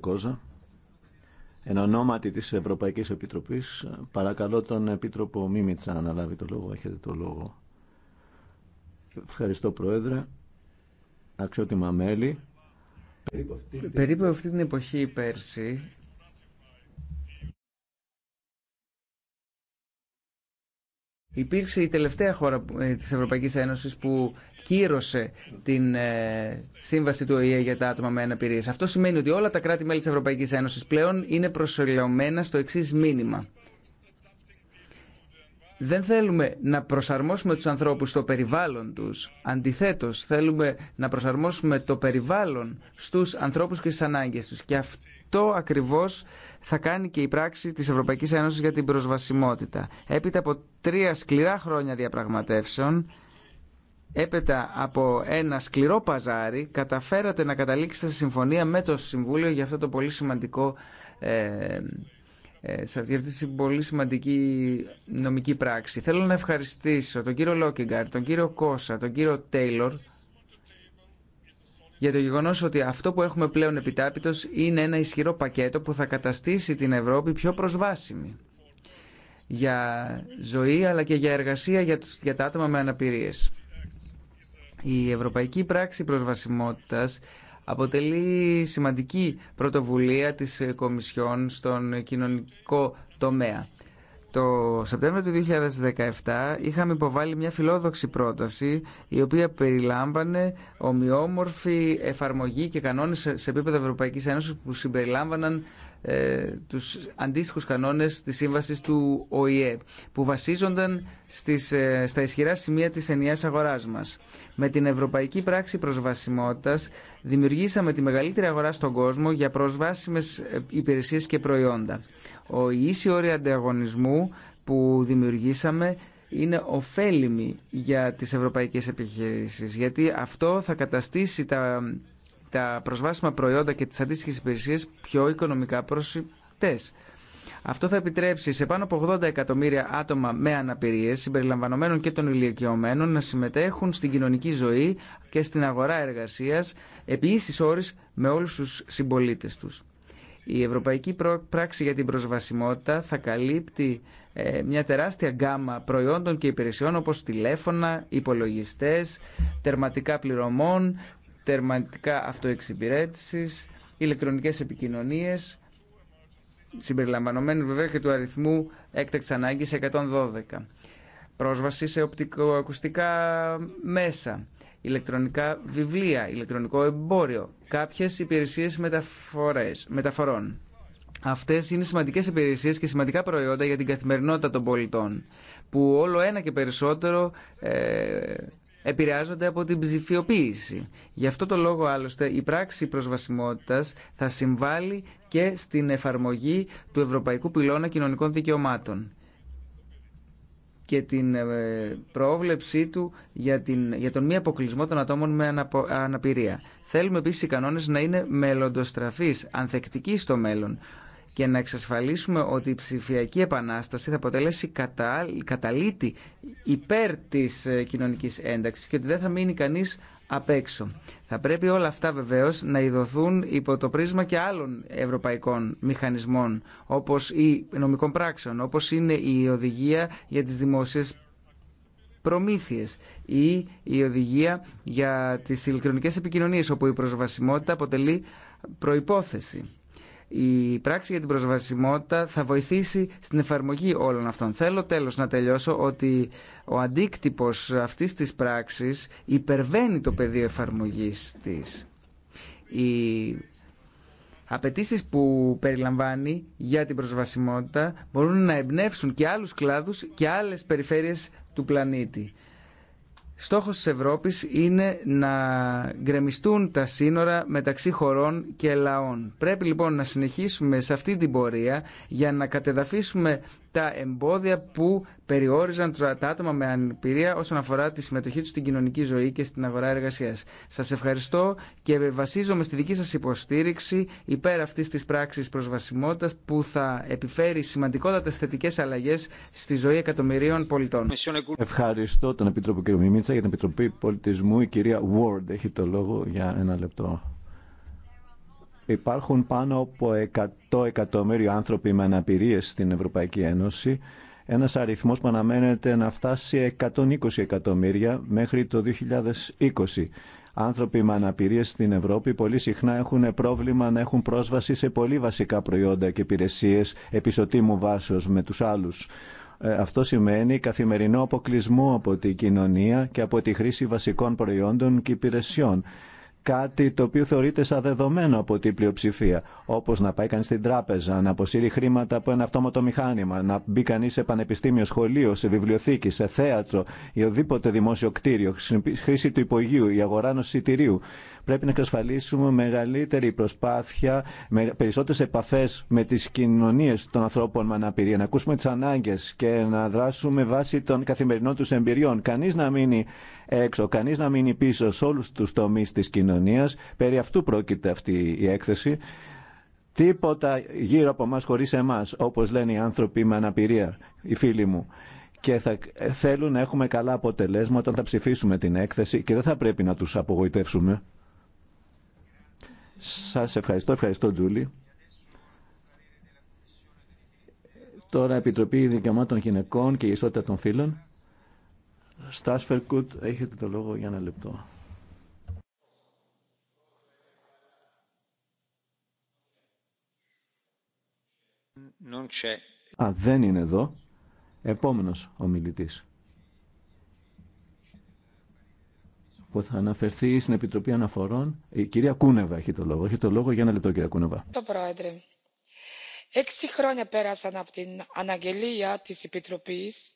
Κόζα. Εν ονόματι της Ευρωπαϊκής Επιτροπής, παρακαλώ τον Επίτροπο Μίμητσα να λάβει το λόγο. Έχετε το λόγο. Ευχαριστώ Πρόεδρε. Αξιότιμα μέλη. Περίπου αυτή την εποχή πέρσι υπήρξε η τελευταία χώρα ε, της Ευρωπαϊκής Ένωσης που κύρωσε την ε, σύμβαση του ΟΗΕ για τα άτομα με αναπηρία. Αυτό σημαίνει ότι όλα τα κράτη-μέλη της Ευρωπαϊκής Ένωσης πλέον είναι προσελεωμένα στο εξή μήνυμα. Δεν θέλουμε να προσαρμόσουμε τους ανθρώπους στο περιβάλλον τους. Αντιθέτως, θέλουμε να προσαρμόσουμε το περιβάλλον στους ανθρώπους και στις ανάγκες τους. Και αυτό το ακριβώς θα κάνει και η πράξη της Ευρωπαϊκής Ένωσης για την προσβασιμότητα. Έπειτα από τρία σκληρά χρόνια διαπραγματεύσεων, έπειτα από ένα σκληρό παζάρι, καταφέρατε να καταλήξετε σε συμφωνία με το Συμβούλιο για αυτό το πολύ σημαντικό ε, ε σε αυτή τη πολύ σημαντική νομική πράξη. Θέλω να ευχαριστήσω τον κύριο Λόκιγκαρ, τον κύριο Κόσα, τον κύριο Τέιλορ για το γεγονός ότι αυτό που έχουμε πλέον επιτάπητος είναι ένα ισχυρό πακέτο που θα καταστήσει την Ευρώπη πιο προσβάσιμη για ζωή αλλά και για εργασία για τα άτομα με αναπηρίες. Η Ευρωπαϊκή Πράξη Προσβασιμότητας αποτελεί σημαντική πρωτοβουλία της Κομισιόν στον κοινωνικό τομέα. Το Σεπτέμβριο του 2017 είχαμε υποβάλει μια φιλόδοξη πρόταση η οποία περιλάμβανε ομοιόμορφη εφαρμογή και κανόνες σε επίπεδο Ευρωπαϊκής Ένωσης που συμπεριλάμβαναν ε, τους αντίστοιχους κανόνες της σύμβασης του ΟΗΕ που βασίζονταν στις, ε, στα ισχυρά σημεία της ενιαίας αγοράς μας. Με την Ευρωπαϊκή Πράξη Προσβασιμότητας δημιουργήσαμε τη μεγαλύτερη αγορά στον κόσμο για προσβάσιμες ε, υπηρεσίες και προϊόντα. Ο ίση όροι ανταγωνισμού που δημιουργήσαμε είναι ωφέλιμη για τις ευρωπαϊκές επιχειρήσεις γιατί αυτό θα καταστήσει τα τα προσβάσιμα προϊόντα και τις αντίστοιχες υπηρεσίες πιο οικονομικά προσιτές. Αυτό θα επιτρέψει σε πάνω από 80 εκατομμύρια άτομα με αναπηρίες, συμπεριλαμβανομένων και των ηλικιωμένων, να συμμετέχουν στην κοινωνική ζωή και στην αγορά εργασίας, επί ίσης όρης με όλους τους συμπολίτε τους. Η Ευρωπαϊκή Πράξη για την Προσβασιμότητα θα καλύπτει ε, μια τεράστια γκάμα προϊόντων και υπηρεσιών όπως τηλέφωνα, υπολογιστές, τερματικά πληρωμών, τερματικά αυτοεξυπηρέτησης, ηλεκτρονικές επικοινωνίες, συμπεριλαμβανομένου βέβαια και του αριθμού έκτακτης ανάγκης 112. Πρόσβαση σε οπτικοακουστικά μέσα, ηλεκτρονικά βιβλία, ηλεκτρονικό εμπόριο, κάποιες υπηρεσίες μεταφορές, μεταφορών. Αυτές είναι σημαντικές υπηρεσίες και σημαντικά προϊόντα για την καθημερινότητα των πολιτών, που όλο ένα και περισσότερο ε, επηρεάζονται από την ψηφιοποίηση. Γι' αυτό το λόγο άλλωστε η πράξη προσβασιμότητας θα συμβάλλει και στην εφαρμογή του Ευρωπαϊκού Πυλώνα Κοινωνικών Δικαιωμάτων και την ε, πρόβλεψή του για, την, για τον μη αποκλεισμό των ατόμων με αναπηρία. Θέλουμε επίσης οι κανόνες να είναι μελλοντοστραφείς, ανθεκτικοί στο μέλλον, και να εξασφαλίσουμε ότι η ψηφιακή επανάσταση θα αποτελέσει καταλήτη υπέρ της ε, κοινωνικής ένταξης και ότι δεν θα μείνει κανείς απ' έξω. Θα πρέπει όλα αυτά βεβαίως να ειδωθούν υπό το πρίσμα και άλλων ευρωπαϊκών μηχανισμών όπως ή νομικών πράξεων, όπως είναι η οδηγία για τις δημόσιες προμήθειες ή η οδηγία για τις ηλεκτρονικές επικοινωνίες όπου η προσβασιμότητα αποτελεί προϋπόθεση η πράξη για την προσβασιμότητα θα βοηθήσει στην εφαρμογή όλων αυτών. Θέλω τέλος να τελειώσω ότι ο αντίκτυπος αυτής της πράξης υπερβαίνει το πεδίο εφαρμογής της. Οι απαιτήσει που περιλαμβάνει για την προσβασιμότητα μπορούν να εμπνεύσουν και άλλους κλάδους και άλλες περιφέρειες του πλανήτη. Στόχος της Ευρώπης είναι να γκρεμιστούν τα σύνορα μεταξύ χωρών και λαών. Πρέπει λοιπόν να συνεχίσουμε σε αυτή την πορεία για να κατεδαφίσουμε τα εμπόδια που περιόριζαν τα άτομα με ανεπηρία όσον αφορά τη συμμετοχή του στην κοινωνική ζωή και στην αγορά εργασία. Σας ευχαριστώ και βασίζομαι στη δική σας υποστήριξη υπέρ αυτής της πράξης προσβασιμότητας που θα επιφέρει σημαντικότατε θετικέ αλλαγές στη ζωή εκατομμυρίων πολιτών. Ευχαριστώ τον Επίτροπο κ. Μιμίτσα για την Επιτροπή Πολιτισμού. Η κυρία Βόρντ, έχει το λόγο για ένα λεπτό. Υπάρχουν πάνω από 100 εκατομμύριο άνθρωποι με αναπηρίες στην Ευρωπαϊκή Ένωση. Ένας αριθμός που αναμένεται να φτάσει 120 εκατομμύρια μέχρι το 2020. Άνθρωποι με αναπηρίες στην Ευρώπη πολύ συχνά έχουν πρόβλημα να έχουν πρόσβαση σε πολύ βασικά προϊόντα και υπηρεσίες επισοτήμου βάσεως με τους άλλους. Ε, αυτό σημαίνει καθημερινό αποκλεισμό από την κοινωνία και από τη χρήση βασικών προϊόντων και υπηρεσιών κάτι το οποίο θεωρείται σαν δεδομένο από την πλειοψηφία. Όπω να πάει κανεί στην τράπεζα, να αποσύρει χρήματα από ένα αυτόματο μηχάνημα, να μπει κανεί σε πανεπιστήμιο, σχολείο, σε βιβλιοθήκη, σε θέατρο ή οδήποτε δημόσιο κτίριο, χρήση του υπογείου, η αγορά ενό εισιτηρίου. πρεπει να εξασφαλίσουμε μεγαλύτερη προσπάθεια, με περισσότερε επαφέ με τι κοινωνίε των ανθρώπων με αναπηρία, να ακούσουμε τι ανάγκε και να δράσουμε βάσει των καθημερινών του εμπειριών. Κανεί να μείνει έξω, κανείς να μείνει πίσω σε όλους τους τομείς της κοινωνίας. Περί αυτού πρόκειται αυτή η έκθεση. Τίποτα γύρω από μας χωρίς εμάς, όπως λένε οι άνθρωποι με αναπηρία, οι φίλοι μου. Και θα θέλουν να έχουμε καλά αποτελέσματα όταν θα ψηφίσουμε την έκθεση και δεν θα πρέπει να τους απογοητεύσουμε. Σας ευχαριστώ, ευχαριστώ Τζούλη. Τώρα Επιτροπή Δικαιωμάτων Γυναικών και Ισότητα των Φίλων. Στάσφερκουτ, έχετε το λόγο για ένα λεπτό. Α, δεν είναι εδώ. Επόμενος ο μιλητής. Που θα αναφερθεί στην Επιτροπή Αναφορών. Η κυρία Κούνεβα έχει το λόγο. Έχει το λόγο για ένα λεπτό, κυρία Κούνεβα. Το πρόεδρε έξι χρόνια πέρασαν από την αναγγελία της επιτροπής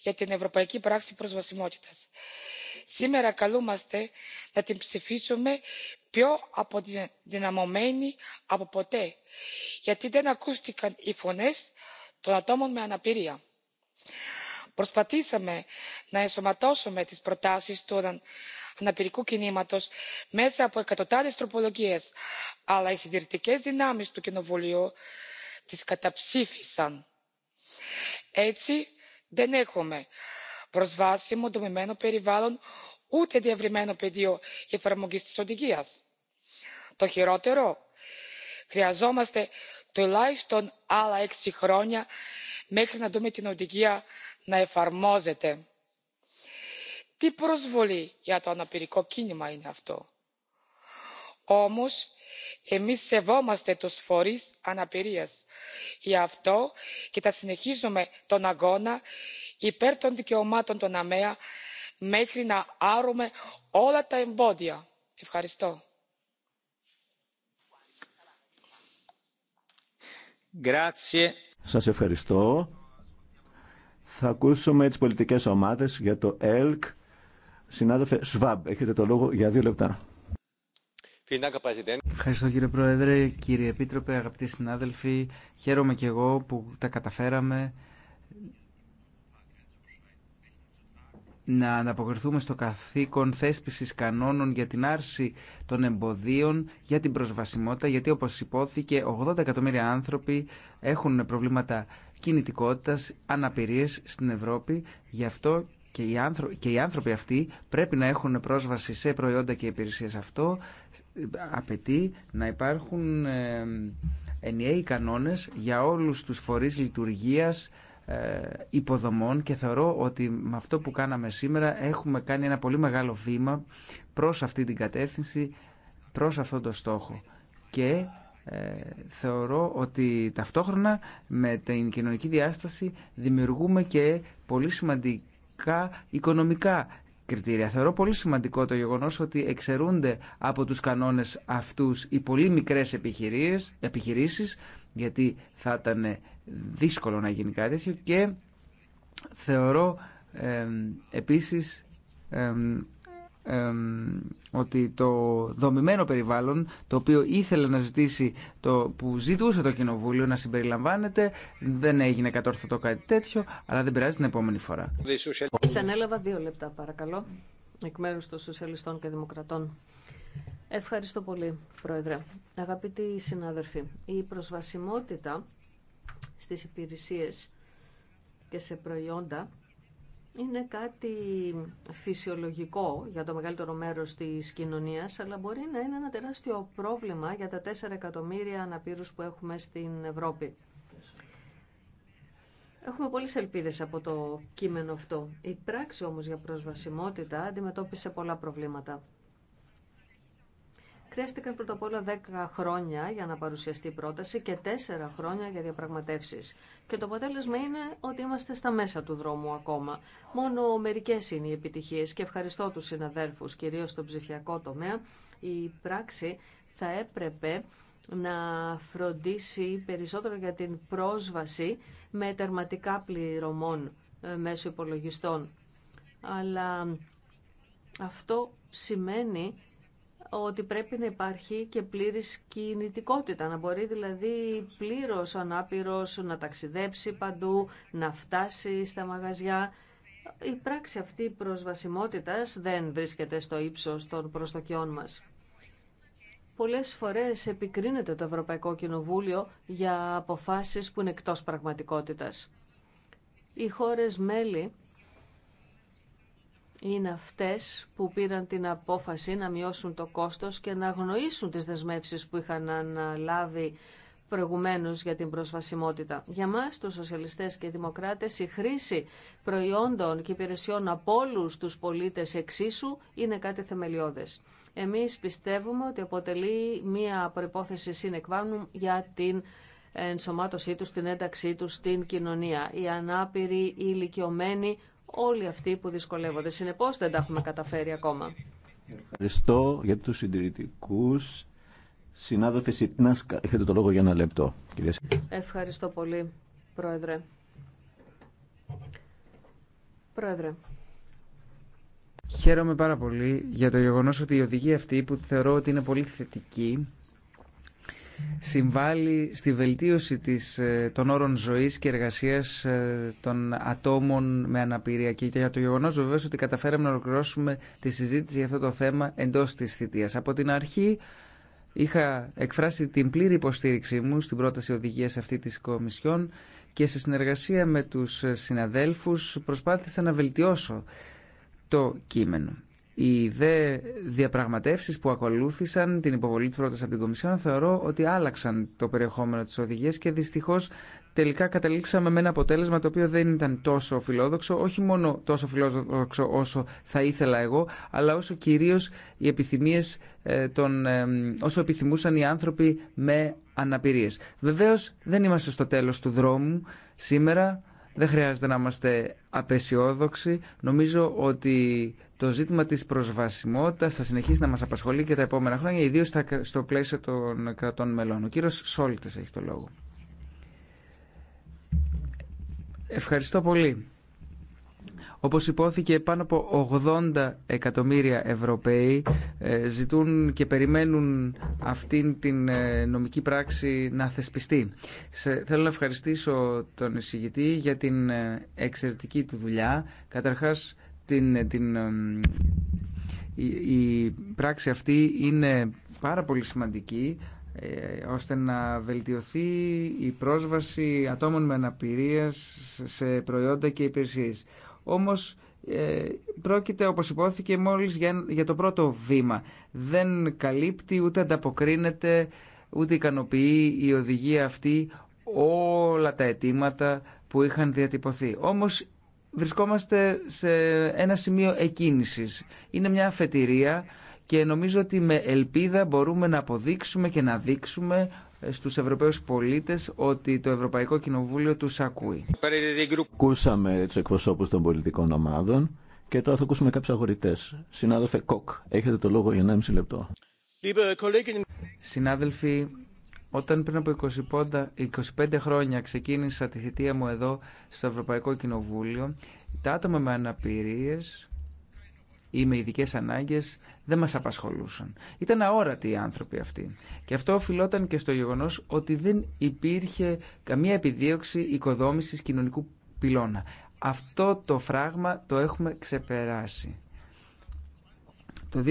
για την ευρωπαϊκή πράξη προσβασιμότητας. σήμερα καλούμαστε να την ψηφίσουμε πιο αποδυναμωμένη από ποτέ γιατί δεν ακούστηκαν οι φωνές των ατόμων με αναπηρία. προσπαθήσαμε να ενσωματώσουμε τις προτάσεις του αναπηρικού κινήματος μέσα από εκατοντάδες τροπολογίες αλλά οι συντηρητικές δυνάμεις του κοινοβουλίου τις καταψήφισαν. έτσι δεν έχουμε προσβάσιμο δομημένο περιβάλλον ούτε διευρυμένο πεδίο εφαρμογής της οδηγίας. το χειρότερο χρειαζόμαστε τουλάχιστον άλλα έξι χρόνια μέχρι να δούμε την οδηγία να εφαρμόζεται. τι προσβολή για το αναπηρικό κίνημα είναι αυτό! όμως εμείς σεβόμαστε τους φορείς αναπηρίας. γι' αυτό και θα συνεχίσουμε τον αγώνα υπέρ των δικαιωμάτων των ΑΜΕΑ μέχρι να άρουμε όλα τα εμπόδια. ευχαριστώ. Σας ευχαριστώ. Θα ακούσουμε τις πολιτικές ομάδες για το ΕΛΚ. Συνάδελφε Σβάμπ, έχετε το λόγο για δύο λεπτά. Ευχαριστώ κύριε Πρόεδρε, κύριε Επίτροπε, αγαπητοί συνάδελφοι. Χαίρομαι και εγώ που τα καταφέραμε να ανταποκριθούμε στο καθήκον θέσπισης κανόνων για την άρση των εμποδίων, για την προσβασιμότητα, γιατί όπως υπόθηκε 80 εκατομμύρια άνθρωποι έχουν προβλήματα κινητικότητας, αναπηρίες στην Ευρώπη, γι' αυτό και οι, άνθρωποι, αυτοί πρέπει να έχουν πρόσβαση σε προϊόντα και υπηρεσίες. Αυτό ε, απαιτεί να υπάρχουν ενιαίοι κανόνες για όλους τους φορείς λειτουργίας ε, υποδομών και θεωρώ ότι με αυτό που κάναμε σήμερα έχουμε κάνει ένα πολύ μεγάλο βήμα προς αυτή την κατεύθυνση, προς αυτόν τον στόχο. Και ε, θεωρώ ότι ταυτόχρονα με την κοινωνική διάσταση δημιουργούμε και πολύ σημαντική βασικά οικονομικά κριτήρια. Θεωρώ πολύ σημαντικό το γεγονός ότι εξαιρούνται από τους κανόνες αυτούς οι πολύ μικρές επιχειρήσεις, γιατί θα ήταν δύσκολο να γίνει κάτι τέτοιο και θεωρώ ε, επίσης ότι το δομημένο περιβάλλον το οποίο ήθελε να ζητήσει το που ζητούσε το κοινοβούλιο να συμπεριλαμβάνεται δεν έγινε κατόρθωτο κάτι τέτοιο αλλά δεν πειράζει την επόμενη φορά. Ξανέλαβα δύο λεπτά παρακαλώ εκ μέρους των Σοσιαλιστών και Δημοκρατών. Ευχαριστώ πολύ Πρόεδρε. Αγαπητοί συνάδελφοι, η προσβασιμότητα στις υπηρεσίες και σε προϊόντα είναι κάτι φυσιολογικό για το μεγαλύτερο μέρος της κοινωνίας, αλλά μπορεί να είναι ένα τεράστιο πρόβλημα για τα 4 εκατομμύρια αναπήρους που έχουμε στην Ευρώπη. Έχουμε πολλές ελπίδες από το κείμενο αυτό. Η πράξη όμως για προσβασιμότητα αντιμετώπισε πολλά προβλήματα. Χρειάστηκαν πρώτα απ' όλα 10 χρόνια για να παρουσιαστεί η πρόταση και 4 χρόνια για διαπραγματεύσει. Και το αποτέλεσμα είναι ότι είμαστε στα μέσα του δρόμου ακόμα. Μόνο μερικέ είναι οι επιτυχίε και ευχαριστώ του συναδέλφου, κυρίω στον ψηφιακό τομέα. Η πράξη θα έπρεπε να φροντίσει περισσότερο για την πρόσβαση με τερματικά πληρωμών ε, μέσω υπολογιστών. Αλλά αυτό σημαίνει ότι πρέπει να υπάρχει και πλήρης κινητικότητα, να μπορεί δηλαδή πλήρως ο ανάπηρος να ταξιδέψει παντού, να φτάσει στα μαγαζιά. Η πράξη αυτή προσβασιμότητας δεν βρίσκεται στο ύψος των προστοκιών μας. Πολλές φορές επικρίνεται το Ευρωπαϊκό Κοινοβούλιο για αποφάσεις που είναι εκτός πραγματικότητας. Οι χώρες μέλη είναι αυτές που πήραν την απόφαση να μειώσουν το κόστος και να αγνοήσουν τις δεσμεύσεις που είχαν αναλάβει προηγουμένως για την προσβασιμότητα. Για μας, τους σοσιαλιστές και δημοκράτες, η χρήση προϊόντων και υπηρεσιών από όλου τους πολίτες εξίσου είναι κάτι θεμελιώδες. Εμείς πιστεύουμε ότι αποτελεί μία προϋπόθεση συνεκβάνου για την ενσωμάτωσή τους, την ένταξή τους στην κοινωνία. Οι ανάπηροι, οι ηλικιωμένοι, όλοι αυτοί που δυσκολεύονται. Συνεπώς δεν τα έχουμε καταφέρει ακόμα. Ευχαριστώ για τους συντηρητικού. Συνάδελφε Σιτνάσκα, έχετε το λόγο για ένα λεπτό. Ευχαριστώ πολύ, Πρόεδρε. Πρόεδρε. Χαίρομαι πάρα πολύ για το γεγονός ότι η οδηγία αυτή που θεωρώ ότι είναι πολύ θετική συμβάλλει στη βελτίωση της, ε, των όρων ζωής και εργασίας ε, των ατόμων με αναπηρία. Και για το γεγονός βεβαίως ότι καταφέραμε να ολοκληρώσουμε τη συζήτηση για αυτό το θέμα εντός της θητείας. Από την αρχή είχα εκφράσει την πλήρη υποστήριξή μου στην πρόταση οδηγίας αυτή της Κομισιόν και σε συνεργασία με τους συναδέλφους προσπάθησα να βελτιώσω το κείμενο. Οι δε διαπραγματεύσει που ακολούθησαν την υποβολή τη πρόταση από την Κομισιόν θεωρώ ότι άλλαξαν το περιεχόμενο τη οδηγία και δυστυχώ τελικά καταλήξαμε με ένα αποτέλεσμα το οποίο δεν ήταν τόσο φιλόδοξο, όχι μόνο τόσο φιλόδοξο όσο θα ήθελα εγώ, αλλά όσο κυρίω οι επιθυμίε ε, των, ε, όσο επιθυμούσαν οι άνθρωποι με αναπηρίες. Βεβαίως δεν είμαστε στο τέλος του δρόμου. Σήμερα δεν χρειάζεται να είμαστε απεσιόδοξοι. Νομίζω ότι το ζήτημα της προσβασιμότητας θα συνεχίσει να μας απασχολεί και τα επόμενα χρόνια, ιδίως στο πλαίσιο των κρατών μελών. Ο κύριος Σόλτες έχει το λόγο. Ευχαριστώ πολύ. Όπως υπόθηκε, πάνω από 80 εκατομμύρια Ευρωπαίοι ε, ζητούν και περιμένουν αυτήν την ε, νομική πράξη να θεσπιστεί. Θέλω να ευχαριστήσω τον εισηγητή για την ε, εξαιρετική του δουλειά. Καταρχάς, την, την, η, η πράξη αυτή είναι πάρα πολύ σημαντική ώστε να βελτιωθεί η πρόσβαση ατόμων με αναπηρία σε προϊόντα και υπηρεσίες. Όμως ε, πρόκειται, όπως υπόθηκε, μόλις για το πρώτο βήμα. Δεν καλύπτει, ούτε ανταποκρίνεται, ούτε ικανοποιεί η οδηγία αυτή όλα τα αιτήματα που είχαν διατυπωθεί. Όμως βρισκόμαστε σε ένα σημείο εκκίνησης. Είναι μια αφετηρία και νομίζω ότι με ελπίδα μπορούμε να αποδείξουμε και να δείξουμε στους Ευρωπαίους πολίτες ότι το Ευρωπαϊκό Κοινοβούλιο τους ακούει. Κούσαμε τους εκπροσώπους των πολιτικών ομάδων και τώρα θα ακούσουμε κάποιους αγορητές. Συνάδελφε Κοκ, έχετε το λόγο για 1,5 λεπτό. Συνάδελφοι, όταν πριν από 25 χρόνια ξεκίνησα τη θητεία μου εδώ στο Ευρωπαϊκό Κοινοβούλιο, τα άτομα με αναπηρίες ή με ειδικέ ανάγκε δεν μα απασχολούσαν. Ήταν αόρατοι οι άνθρωποι αυτοί. Και αυτό οφειλόταν και στο γεγονό ότι δεν υπήρχε καμία επιδίωξη οικοδόμηση κοινωνικού πυλώνα. Αυτό το φράγμα το έχουμε ξεπεράσει. Το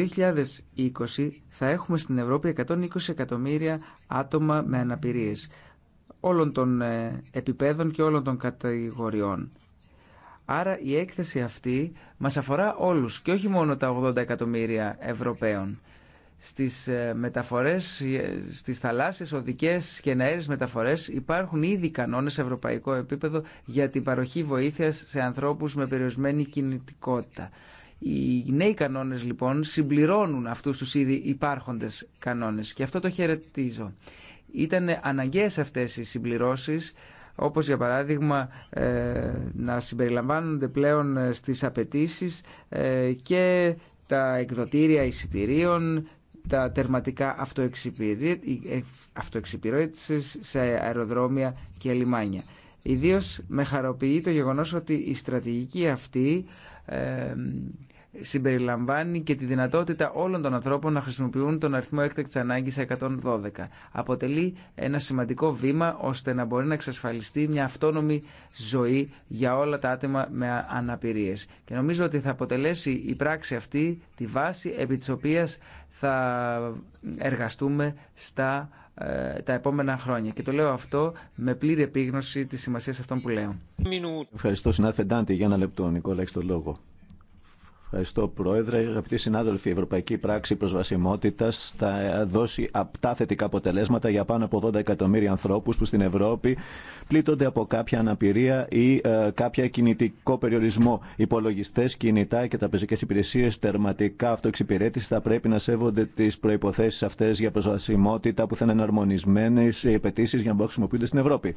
2020 θα έχουμε στην Ευρώπη 120 εκατομμύρια άτομα με αναπηρίες όλων των ε, επιπέδων και όλων των κατηγοριών. Άρα η έκθεση αυτή μας αφορά όλους και όχι μόνο τα 80 εκατομμύρια Ευρωπαίων. Στις ε, μεταφορές, ε, στις θαλάσσιες, οδικές και ναέρες μεταφορές υπάρχουν ήδη κανόνες σε ευρωπαϊκό επίπεδο για την παροχή βοήθειας σε ανθρώπους με περιορισμένη κινητικότητα. Οι νέοι κανόνες λοιπόν συμπληρώνουν αυτούς τους ήδη υπάρχοντες κανόνες και αυτό το χαιρετίζω. Ήταν αναγκαίες αυτές οι συμπληρώσεις όπως για παράδειγμα ε, να συμπεριλαμβάνονται πλέον ε, στις απαιτήσει ε, και τα εκδοτήρια εισιτηρίων, τα τερματικά αυτοεξυπηρέτησης σε αεροδρόμια και λιμάνια. Ιδίως με χαροποιεί το γεγονός ότι η στρατηγική αυτή συμπεριλαμβάνει και τη δυνατότητα όλων των ανθρώπων να χρησιμοποιούν τον αριθμό έκτακτη ανάγκη 112. Αποτελεί ένα σημαντικό βήμα ώστε να μπορεί να εξασφαλιστεί μια αυτόνομη ζωή για όλα τα άτομα με αναπηρίε. Και νομίζω ότι θα αποτελέσει η πράξη αυτή τη βάση επί τη οποία θα εργαστούμε στα ε, τα επόμενα χρόνια. Και το λέω αυτό με πλήρη επίγνωση της σημασίας αυτών που λέω. Ευχαριστώ συνάδελφε Ντάντη για ένα λεπτό Νικόλα, το λόγο. Ευχαριστώ, Πρόεδρε. Αγαπητοί συνάδελφοι, η Ευρωπαϊκή Πράξη Προσβασιμότητα θα δώσει απτά θετικά αποτελέσματα για πάνω από 80 εκατομμύρια ανθρώπου που στην Ευρώπη πλήττονται από κάποια αναπηρία ή ε, κάποια κινητικό περιορισμό. Υπολογιστέ, κινητά και τραπεζικέ υπηρεσίε τερματικά αυτοεξυπηρέτηση θα πρέπει να σέβονται τι προποθέσει αυτέ για προσβασιμότητα που θα είναι εναρμονισμένε οι απαιτήσει για να μπορούν να χρησιμοποιούνται στην Ευρώπη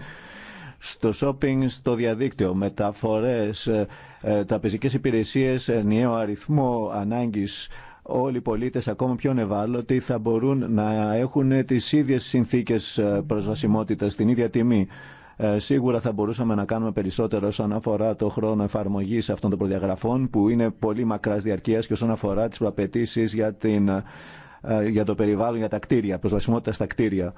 στο shopping, στο διαδίκτυο, μεταφορές, ε, ε, τραπεζικές υπηρεσίες, ενιαίο αριθμό ανάγκης όλοι οι πολίτες ακόμα πιο ευάλωτοι θα μπορούν να έχουν τις ίδιες συνθήκες ε, προσβασιμότητας στην ίδια τιμή. σίγουρα θα μπορούσαμε να κάνουμε περισσότερο όσον αφορά το χρόνο εφαρμογή αυτών των προδιαγραφών που είναι πολύ μακρά διαρκείας και όσον αφορά τι προαπαιτήσει για, την, για το περιβάλλον, για τα κτίρια, προσβασιμότητα στα κτίρια.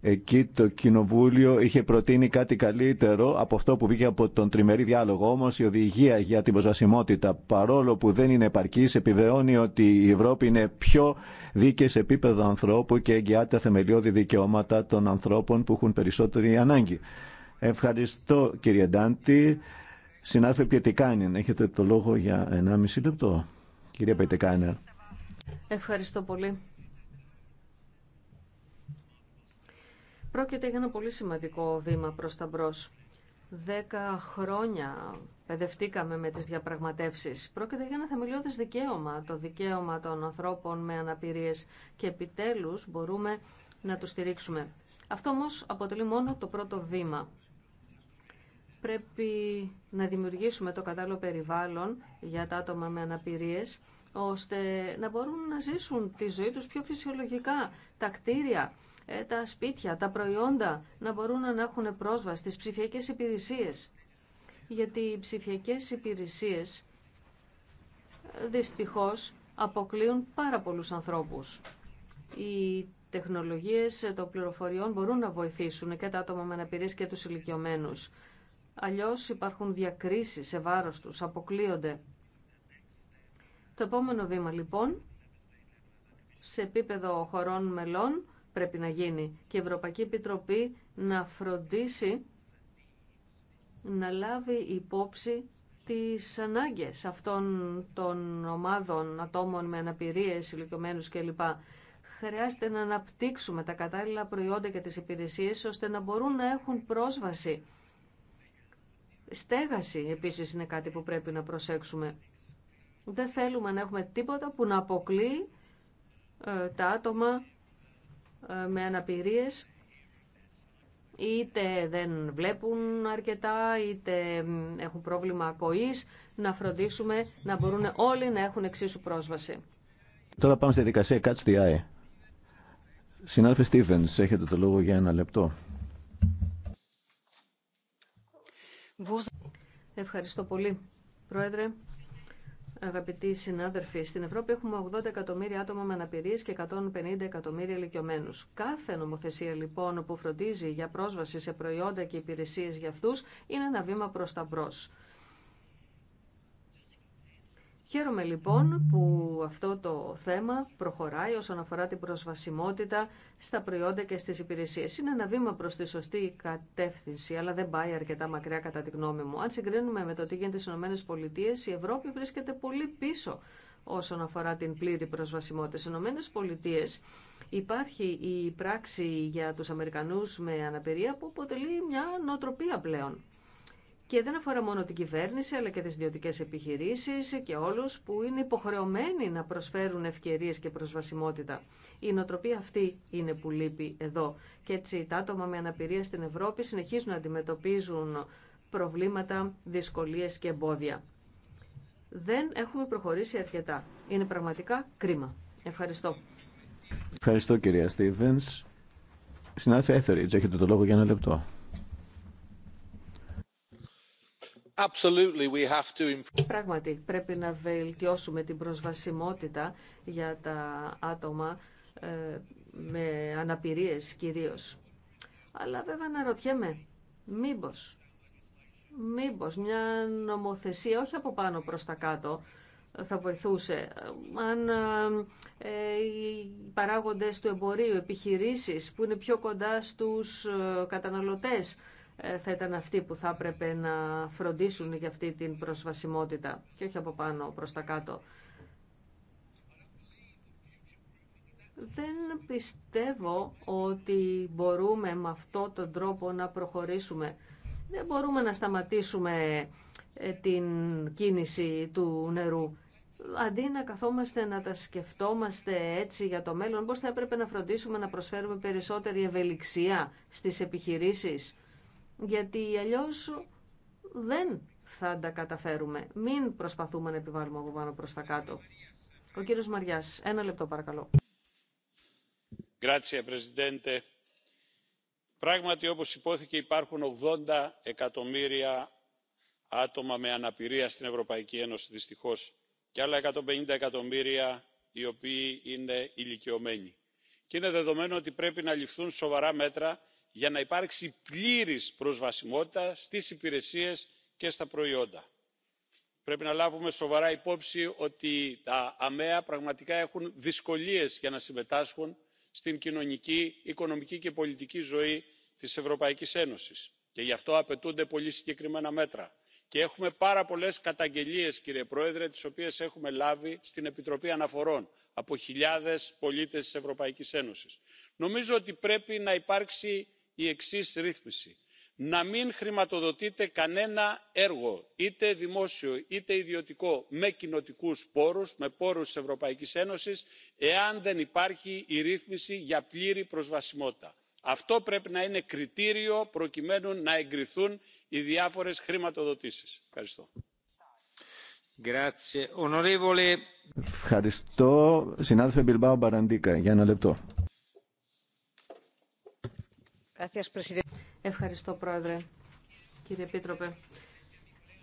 Εκεί το Κοινοβούλιο είχε προτείνει κάτι καλύτερο από αυτό που βγήκε από τον τριμερή διάλογο. Όμω η οδηγία για την προσβασιμότητα, παρόλο που δεν είναι επαρκή, επιβεβαιώνει ότι η Ευρώπη είναι πιο δίκαιη σε επίπεδο ανθρώπου και εγγυάται τα θεμελιώδη δικαιώματα των ανθρώπων που έχουν περισσότερη ανάγκη. Ευχαριστώ κύριε Ντάντη. Συνάδελφε Πιετικάνιν, έχετε το λόγο για 1,5 λεπτό. Κυρία Πιετικάνιν. Ευχαριστώ πολύ. Πρόκειται για ένα πολύ σημαντικό βήμα προς τα μπρος. Δέκα χρόνια παιδευτήκαμε με τις διαπραγματεύσεις. Πρόκειται για ένα θεμελιώδες δικαίωμα, το δικαίωμα των ανθρώπων με αναπηρίες και επιτέλους μπορούμε να το στηρίξουμε. Αυτό όμω αποτελεί μόνο το πρώτο βήμα. Πρέπει να δημιουργήσουμε το κατάλληλο περιβάλλον για τα άτομα με αναπηρίες, ώστε να μπορούν να ζήσουν τη ζωή τους πιο φυσιολογικά, τα κτίρια, ε, τα σπίτια, τα προϊόντα, να μπορούν να έχουν πρόσβαση στις ψηφιακές υπηρεσίες. Γιατί οι ψηφιακές υπηρεσίες ε, δυστυχώς αποκλείουν πάρα πολλούς ανθρώπους. Οι τεχνολογίες ε, των πληροφοριών μπορούν να βοηθήσουν και τα άτομα με αναπηρίες και τους ηλικιωμένους. Αλλιώς υπάρχουν διακρίσεις σε βάρος τους, αποκλείονται. Το επόμενο βήμα λοιπόν, σε επίπεδο χωρών μελών, πρέπει να γίνει και η Ευρωπαϊκή Επιτροπή να φροντίσει να λάβει υπόψη τις ανάγκες αυτών των ομάδων ατόμων με αναπηρίες, ηλικιωμένους κλπ. Χρειάζεται να αναπτύξουμε τα κατάλληλα προϊόντα και τις υπηρεσίες ώστε να μπορούν να έχουν πρόσβαση. Στέγαση επίσης είναι κάτι που πρέπει να προσέξουμε. Δεν θέλουμε να έχουμε τίποτα που να αποκλεί ε, τα άτομα ε, με αναπηρίες είτε δεν βλέπουν αρκετά, είτε έχουν πρόβλημα ακοής, να φροντίσουμε να μπορούν όλοι να έχουν εξίσου πρόσβαση. Τώρα πάμε στη δικασία Catch the Eye. Συνάδελφε Στίβενς, έχετε το λόγο για ένα λεπτό. Ευχαριστώ πολύ, Πρόεδρε. Αγαπητοί συνάδελφοι, στην Ευρώπη έχουμε 80 εκατομμύρια άτομα με αναπηρίες και 150 εκατομμύρια ηλικιωμένου. Κάθε νομοθεσία λοιπόν που φροντίζει για πρόσβαση σε προϊόντα και υπηρεσίες για αυτούς είναι ένα βήμα προς τα μπρος. Χαίρομαι λοιπόν που αυτό το θέμα προχωράει όσον αφορά την προσβασιμότητα στα προϊόντα και στις υπηρεσίες. Είναι ένα βήμα προς τη σωστή κατεύθυνση, αλλά δεν πάει αρκετά μακριά κατά τη γνώμη μου. Αν συγκρίνουμε με το τι γίνεται στις ΗΠΑ, η Ευρώπη βρίσκεται πολύ πίσω όσον αφορά την πλήρη προσβασιμότητα. Στι ΗΠΑ υπάρχει η πράξη για τους Αμερικανούς με αναπηρία που αποτελεί μια νοοτροπία πλέον. Και δεν αφορά μόνο την κυβέρνηση, αλλά και τις ιδιωτικέ επιχειρήσεις και όλους που είναι υποχρεωμένοι να προσφέρουν ευκαιρίες και προσβασιμότητα. Η νοοτροπία αυτή είναι που λείπει εδώ. Και έτσι τα άτομα με αναπηρία στην Ευρώπη συνεχίζουν να αντιμετωπίζουν προβλήματα, δυσκολίες και εμπόδια. Δεν έχουμε προχωρήσει αρκετά. Είναι πραγματικά κρίμα. Ευχαριστώ. Ευχαριστώ κυρία Στίβενς. Συνάδελφε έχετε το λόγο για ένα λεπτό. Πράγματι, πρέπει να βελτιώσουμε την προσβασιμότητα για τα άτομα ε, με αναπηρίες κυρίως. Αλλά βέβαια να ρωτιέμαι, μήπως, μήπως μια νομοθεσία όχι από πάνω προς τα κάτω θα βοηθούσε. Αν ε, οι παράγοντες του εμπορίου, επιχειρήσεις που είναι πιο κοντά στους ε, καταναλωτές, ε, θα ήταν αυτοί που θα έπρεπε να φροντίσουν για αυτή την προσβασιμότητα και όχι από πάνω προς τα κάτω. Δεν πιστεύω ότι μπορούμε με αυτό τον τρόπο να προχωρήσουμε. Δεν μπορούμε να σταματήσουμε ε, την κίνηση του νερού. Αντί να καθόμαστε να τα σκεφτόμαστε έτσι για το μέλλον, πώς θα έπρεπε να φροντίσουμε να προσφέρουμε περισσότερη ευελιξία στις επιχειρήσεις γιατί αλλιώς δεν θα τα καταφέρουμε. Μην προσπαθούμε να επιβάλλουμε από πάνω προς τα κάτω. Ο κύριος Μαριάς, ένα λεπτό παρακαλώ. Grazie, Presidente. Πράγματι, όπως υπόθηκε, υπάρχουν 80 εκατομμύρια άτομα με αναπηρία στην Ευρωπαϊκή Ένωση, δυστυχώς, και άλλα 150 εκατομμύρια οι οποίοι είναι ηλικιωμένοι. Και είναι δεδομένο ότι πρέπει να ληφθούν σοβαρά μέτρα για να υπάρξει πλήρης προσβασιμότητα στις υπηρεσίες και στα προϊόντα. πρέπει να λάβουμε σοβαρά υπόψη ότι τα ΑΜΕΑ πραγματικά έχουν δυσκολίες για να συμμετάσχουν στην κοινωνική οικονομική και πολιτική ζωή της ευρωπαϊκής ένωσης και γι' αυτό απαιτούνται πολύ συγκεκριμένα μέτρα. και έχουμε πάρα πολλές καταγγελίες κύριε πρόεδρε τις οποίες έχουμε λάβει στην επιτροπή αναφορών από χιλιάδες πολίτες της ευρωπαϊκής ένωσης. νομίζω ότι πρέπει να υπάρξει η εξή ρύθμιση να μην χρηματοδοτείται κανένα έργο είτε δημόσιο είτε ιδιωτικό με κοινοτικού πόρους με πόρους της ευρωπαϊκής ένωσης εάν δεν υπάρχει η ρύθμιση για πλήρη προσβασιμότητα. αυτό πρέπει να είναι κριτήριο προκειμένου να εγκριθούν οι διάφορες χρηματοδοτήσεις. ευχαριστώ. Ευχαριστώ. Ευχαριστώ, Πρόεδρε. Κύριε Επίτροπε,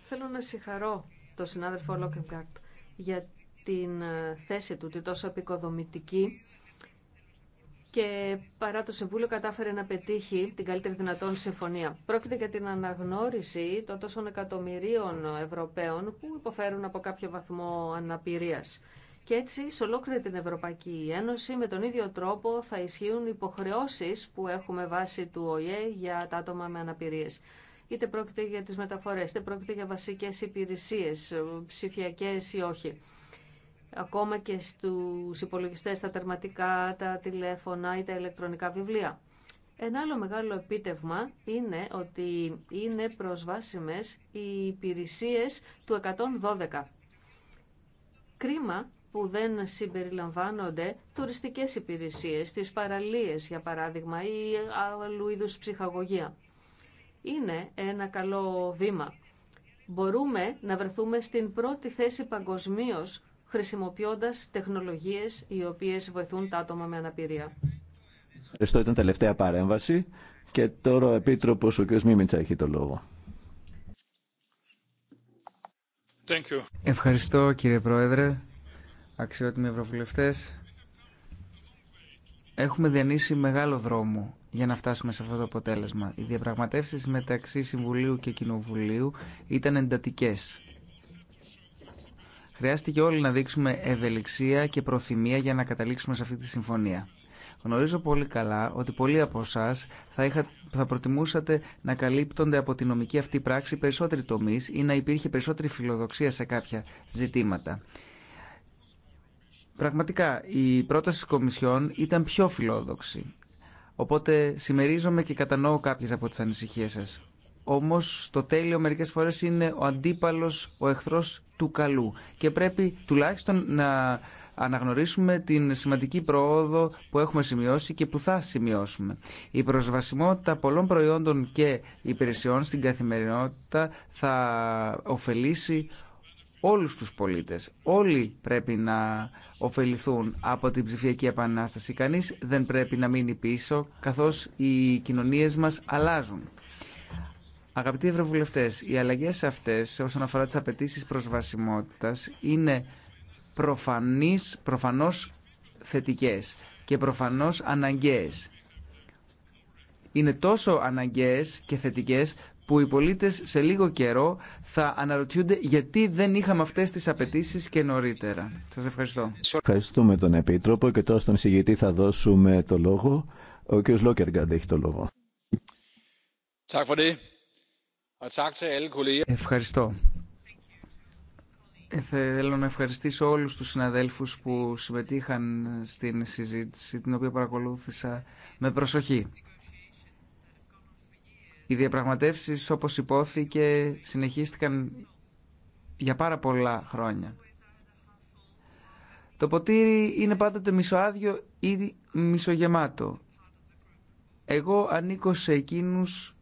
θέλω να συγχαρώ τον συνάδελφο Λόκεγκαρτ για την ε, θέση του, τη τόσο επικοδομητική και παρά το Συμβούλιο κατάφερε να πετύχει την καλύτερη δυνατόν συμφωνία. Πρόκειται για την αναγνώριση των τόσων εκατομμυρίων Ευρωπαίων που υποφέρουν από κάποιο βαθμό αναπηρίας. Και έτσι σε ολόκληρη την Ευρωπαϊκή Ένωση με τον ίδιο τρόπο θα ισχύουν υποχρεώσει που έχουμε βάσει του ΟΗΕ για τα άτομα με αναπηρίε. Είτε πρόκειται για τι μεταφορέ, είτε πρόκειται για βασικές υπηρεσίε, ψηφιακέ ή όχι. Ακόμα και στου υπολογιστέ, τα τερματικά, τα τηλέφωνα ή τα ηλεκτρονικά βιβλία. Ένα άλλο μεγάλο επίτευγμα είναι ότι είναι προσβάσιμες οι υπηρεσίες του 112. Κρίμα που δεν συμπεριλαμβάνονται τουριστικές υπηρεσίες, τις παραλίες για παράδειγμα ή άλλου είδους ψυχαγωγία. Είναι ένα καλό βήμα. Μπορούμε να βρεθούμε στην πρώτη θέση παγκοσμίω χρησιμοποιώντας τεχνολογίες οι οποίες βοηθούν τα άτομα με αναπηρία. Ευχαριστώ, ήταν τελευταία παρέμβαση και τώρα ο Επίτροπος ο κ. Μίμητσα έχει το λόγο. Ευχαριστώ κύριε Πρόεδρε αξιότιμοι ευρωβουλευτές, έχουμε διανύσει μεγάλο δρόμο για να φτάσουμε σε αυτό το αποτέλεσμα. Οι διαπραγματεύσεις μεταξύ Συμβουλίου και Κοινοβουλίου ήταν εντατικές. Χρειάστηκε όλοι να δείξουμε ευελιξία και προθυμία για να καταλήξουμε σε αυτή τη συμφωνία. Γνωρίζω πολύ καλά ότι πολλοί από εσά θα, είχα, θα προτιμούσατε να καλύπτονται από τη νομική αυτή πράξη περισσότεροι τομεί ή να υπήρχε περισσότερη φιλοδοξία σε κάποια ζητήματα. Πραγματικά, η πρόταση της Κομισιόν ήταν πιο φιλόδοξη. Οπότε συμμερίζομαι και κατανοώ κάποιες από τις ανησυχίες σας. Όμως το τέλειο μερικές φορές είναι ο αντίπαλος, ο εχθρός του καλού. Και πρέπει τουλάχιστον να αναγνωρίσουμε την σημαντική προόδο που έχουμε σημειώσει και που θα σημειώσουμε. Η προσβασιμότητα πολλών προϊόντων και υπηρεσιών στην καθημερινότητα θα ωφελήσει όλους τους πολίτες. Όλοι πρέπει να ωφεληθούν από την ψηφιακή επανάσταση. Κανείς δεν πρέπει να μείνει πίσω, καθώς οι κοινωνίες μας αλλάζουν. Αγαπητοί Ευρωβουλευτές, οι αλλαγές αυτές όσον αφορά τις απαιτήσει προσβασιμότητας είναι προφανείς, προφανώς θετικές και προφανώς αναγκαίες. Είναι τόσο αναγκαίες και θετικές που οι πολίτες σε λίγο καιρό θα αναρωτιούνται γιατί δεν είχαμε αυτές τις απαιτήσει και νωρίτερα. Σας ευχαριστώ. Ευχαριστούμε τον Επίτροπο και τώρα στον εισηγητή θα δώσουμε το λόγο. Ο κ. Λόκεργαντ έχει το λόγο. Ευχαριστώ. Ε, θέλω να ευχαριστήσω όλους τους συναδέλφους που συμμετείχαν στην συζήτηση την οποία παρακολούθησα με προσοχή. Οι διαπραγματεύσεις, όπως υπόθηκε, συνεχίστηκαν για πάρα πολλά χρόνια. Το ποτήρι είναι πάντοτε μισοάδιο ή μισογεμάτο. Εγώ ανήκω σε εκείνους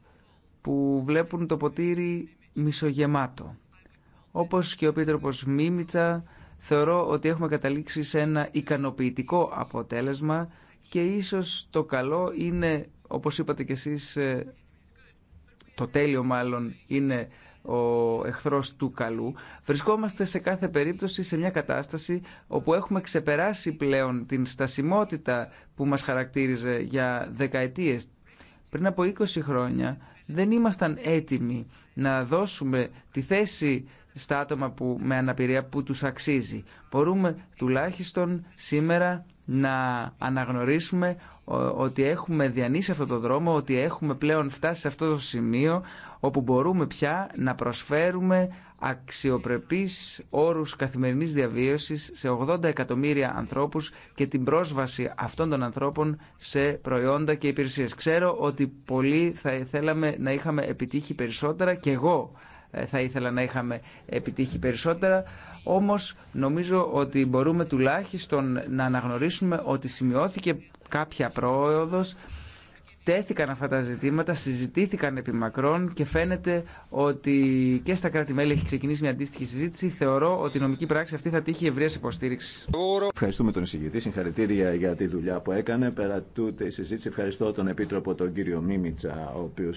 που βλέπουν το ποτήρι μισογεμάτο. Όπως και ο Πίτροπος Μίμητσα, θεωρώ ότι έχουμε καταλήξει σε ένα ικανοποιητικό αποτέλεσμα και ίσως το καλό είναι, όπως είπατε κι εσείς, ε, το τέλειο μάλλον είναι ο εχθρός του καλού. Βρισκόμαστε σε κάθε περίπτωση σε μια κατάσταση όπου έχουμε ξεπεράσει πλέον την στασιμότητα που μας χαρακτήριζε για δεκαετίες. Πριν από 20 χρόνια δεν ήμασταν έτοιμοι να δώσουμε τη θέση στα άτομα που, με αναπηρία που τους αξίζει. Μπορούμε τουλάχιστον σήμερα να αναγνωρίσουμε ότι έχουμε διανύσει αυτό το δρόμο, ότι έχουμε πλέον φτάσει σε αυτό το σημείο όπου μπορούμε πια να προσφέρουμε αξιοπρεπείς όρους καθημερινής διαβίωσης σε 80 εκατομμύρια ανθρώπους και την πρόσβαση αυτών των ανθρώπων σε προϊόντα και υπηρεσίες. Ξέρω ότι πολλοί θα θέλαμε να είχαμε επιτύχει περισσότερα και εγώ ε, θα ήθελα να είχαμε επιτύχει περισσότερα. Όμως νομίζω ότι μπορούμε τουλάχιστον να αναγνωρίσουμε ότι σημειώθηκε κάποια πρόοδος τέθηκαν αυτά τα ζητήματα, συζητήθηκαν επί μακρόν και φαίνεται ότι και στα κράτη-μέλη έχει ξεκινήσει μια αντίστοιχη συζήτηση. Θεωρώ ότι η νομική πράξη αυτή θα τύχει ευρεία υποστήριξη. Ευχαριστούμε τον εισηγητή. Συγχαρητήρια για τη δουλειά που έκανε. Πέρα τούτη η συζήτηση, ευχαριστώ τον Επίτροπο τον κύριο Μίμητσα, ο οποίο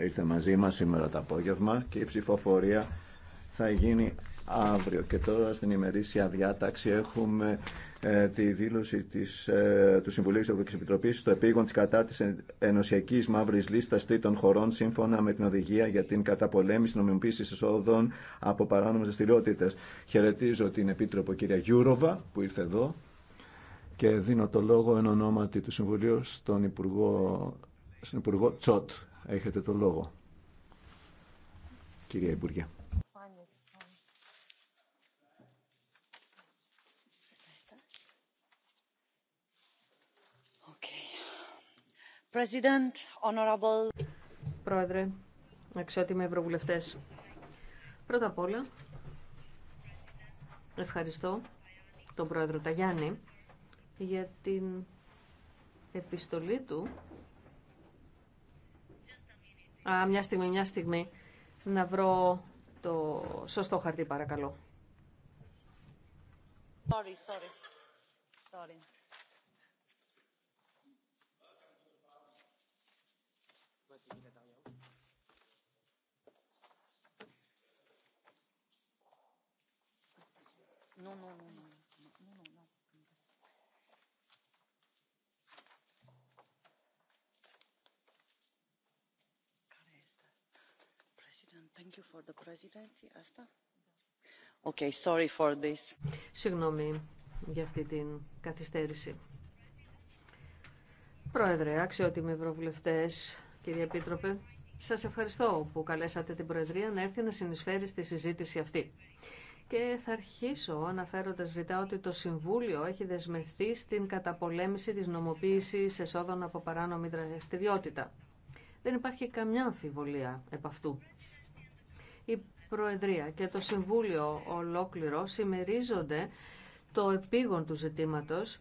ε, ήρθε μαζί μα σήμερα το απόγευμα και η ψηφοφορία θα γίνει αύριο. Και τώρα στην ημερήσια διάταξη έχουμε ε, τη δήλωση της, ε, του Συμβουλίου της Ευρωπαϊκής Επιτροπής στο επίγον της κατάρτισης ενωσιακής μαύρης λίστας τρίτων χωρών σύμφωνα με την οδηγία για την καταπολέμηση νομιμοποίησης εισόδων από παράνομες δραστηριότητε. Χαιρετίζω την Επίτροπο κυρία Γιούροβα που ήρθε εδώ και δίνω το λόγο εν ονόματι του Συμβουλίου στον Υπουργό, στον Τσότ. Έχετε το λόγο, κυρία Υπουργέ. Πρόεδρε, αξιότιμοι ευρωβουλευτές. Πρώτα απ' όλα, ευχαριστώ τον πρόεδρο Ταγιάννη για την επιστολή του. Α, μια στιγμή, μια στιγμή. Να βρω το σωστό χαρτί, παρακαλώ. Sorry, Okay, sorry for this. Συγγνώμη για αυτή την καθυστέρηση. Πρόεδρε, αξιότιμοι ευρωβουλευτέ, κύριε Επίτροπε, σα ευχαριστώ που καλέσατε την Προεδρία να έρθει να συνεισφέρει στη συζήτηση αυτή και θα αρχίσω αναφέροντα ρητά ότι το Συμβούλιο έχει δεσμευθεί στην καταπολέμηση της νομοποίησης εσόδων από παράνομη δραστηριότητα. Δεν υπάρχει καμιά αμφιβολία επ' αυτού. Η Προεδρία και το Συμβούλιο ολόκληρο συμμερίζονται το επίγον του ζητήματος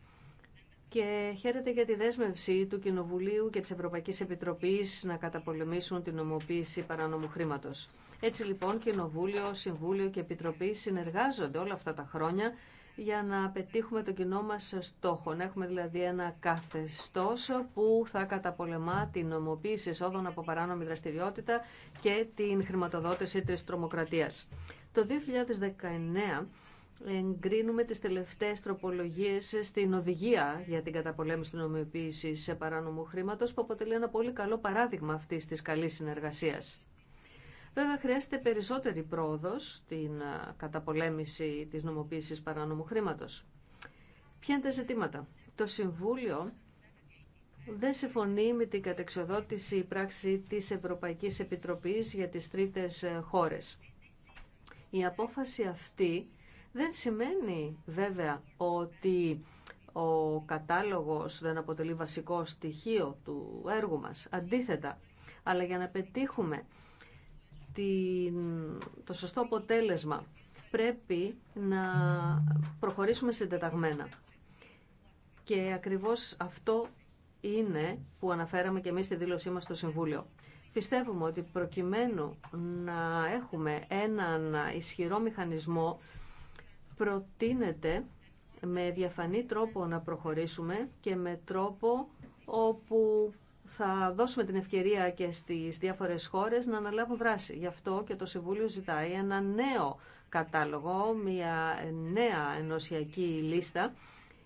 και χαίρεται για τη δέσμευση του Κοινοβουλίου και της Ευρωπαϊκής Επιτροπής να καταπολεμήσουν την νομοποίηση παράνομου χρήματος. Έτσι λοιπόν Κοινοβούλιο, Συμβούλιο και Επιτροπή συνεργάζονται όλα αυτά τα χρόνια για να πετύχουμε τον κοινό μας στόχο. Να έχουμε δηλαδή ένα καθεστώς που θα καταπολεμά την νομοποίηση εσόδων από παράνομη δραστηριότητα και την χρηματοδότηση της τρομοκρατίας. Το 2019 εγκρίνουμε τις τελευταίες τροπολογίες στην οδηγία για την καταπολέμηση του νομοποίησης σε παράνομου χρήματος που αποτελεί ένα πολύ καλό παράδειγμα αυτής της καλής συνεργασίας. Βέβαια χρειάζεται περισσότερη πρόοδος στην καταπολέμηση της νομοποίησης παράνομου χρήματος. Ποια είναι τα ζητήματα. Το Συμβούλιο δεν συμφωνεί με την κατεξοδότηση πράξη της Ευρωπαϊκής Επιτροπής για τις τρίτες ε, χώρες. Η απόφαση αυτή δεν σημαίνει βέβαια ότι ο κατάλογος δεν αποτελεί βασικό στοιχείο του έργου μας. Αντίθετα, αλλά για να πετύχουμε το σωστό αποτέλεσμα πρέπει να προχωρήσουμε συντεταγμένα. Και ακριβώς αυτό είναι που αναφέραμε και εμείς στη δήλωσή μας στο Συμβούλιο. Πιστεύουμε ότι προκειμένου να έχουμε έναν ισχυρό μηχανισμό προτείνεται με διαφανή τρόπο να προχωρήσουμε και με τρόπο όπου θα δώσουμε την ευκαιρία και στις διάφορες χώρες να αναλάβουν δράση. Γι' αυτό και το Συμβούλιο ζητάει ένα νέο κατάλογο, μια νέα ενωσιακή λίστα,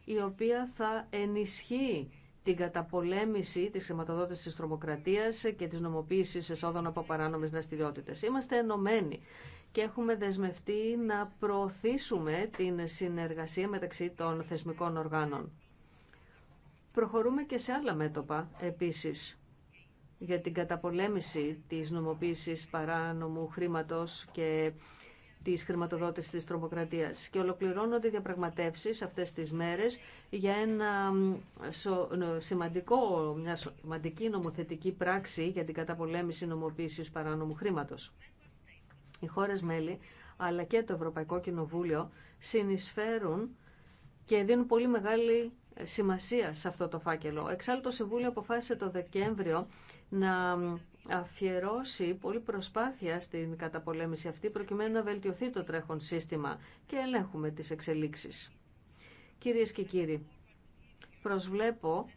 η οποία θα ενισχύει την καταπολέμηση της χρηματοδότησης της τρομοκρατίας και της νομοποίησης εσόδων από παράνομες δραστηριότητες. Είμαστε ενωμένοι και έχουμε δεσμευτεί να προωθήσουμε την συνεργασία μεταξύ των θεσμικών οργάνων. Προχωρούμε και σε άλλα μέτωπα επίσης για την καταπολέμηση της νομοποίησης παράνομου χρήματος και της χρηματοδότησης της τρομοκρατίας Και ολοκληρώνονται οι διαπραγματεύσει αυτέ τι μέρε για ένα σημαντικό, μια σημαντική νομοθετική πράξη για την καταπολέμηση νομοποίηση παράνομου χρήματος. Οι χώρες μέλη αλλά και το Ευρωπαϊκό Κοινοβούλιο συνεισφέρουν και δίνουν πολύ μεγάλη ε, σημασία σε αυτό το φάκελο. Εξάλλου το Συμβούλιο αποφάσισε το Δεκέμβριο να αφιερώσει πολλή προσπάθεια στην καταπολέμηση αυτή προκειμένου να βελτιωθεί το τρέχον σύστημα και ελέγχουμε τις εξελίξεις. Κυρίες και κύριοι, προσβλέπω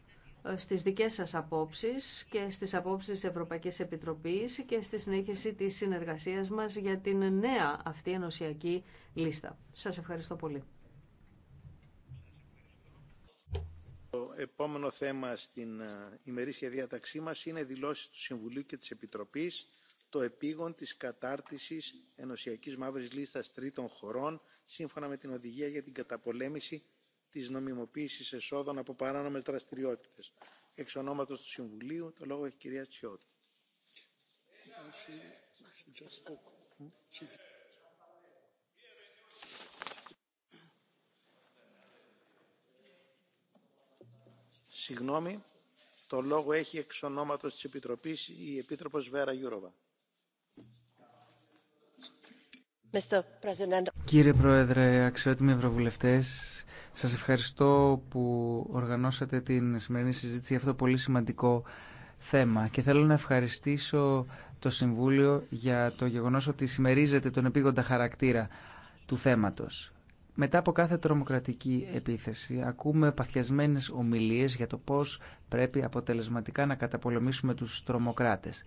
στις δικές σας απόψεις και στις απόψεις της Ευρωπαϊκής Επιτροπής και στη συνέχιση της συνεργασίας μας για την νέα αυτή ενωσιακή λίστα. Σας ευχαριστώ πολύ. Το επόμενο θέμα στην ε, ημερήσια διάταξή μας είναι δηλώσεις του Συμβουλίου και της Επιτροπής το επίγον της κατάρτισης ενωσιακής μαύρης λίστας τρίτων χωρών σύμφωνα με την οδηγία για την καταπολέμηση της νομιμοποίησης εσόδων από παράνομες δραστηριότητες. Εξ ονόματος του Συμβουλίου, το λόγο έχει η κυρία Τσιώτη. Συγγνώμη, το λόγο έχει εξ ονόματος της Επιτροπής η Επίτροπος Βέρα Γιούροβα. Κύριε Πρόεδρε, αξιότιμοι ευρωβουλευτές, σας ευχαριστώ που οργανώσατε την σημερινή συζήτηση για αυτό το πολύ σημαντικό θέμα και θέλω να ευχαριστήσω το Συμβούλιο για το γεγονός ότι συμμερίζεται τον επίγοντα χαρακτήρα του θέματος. Μετά από κάθε τρομοκρατική επίθεση ακούμε παθιασμένες ομιλίες για το πώς πρέπει αποτελεσματικά να καταπολεμήσουμε τους τρομοκράτες.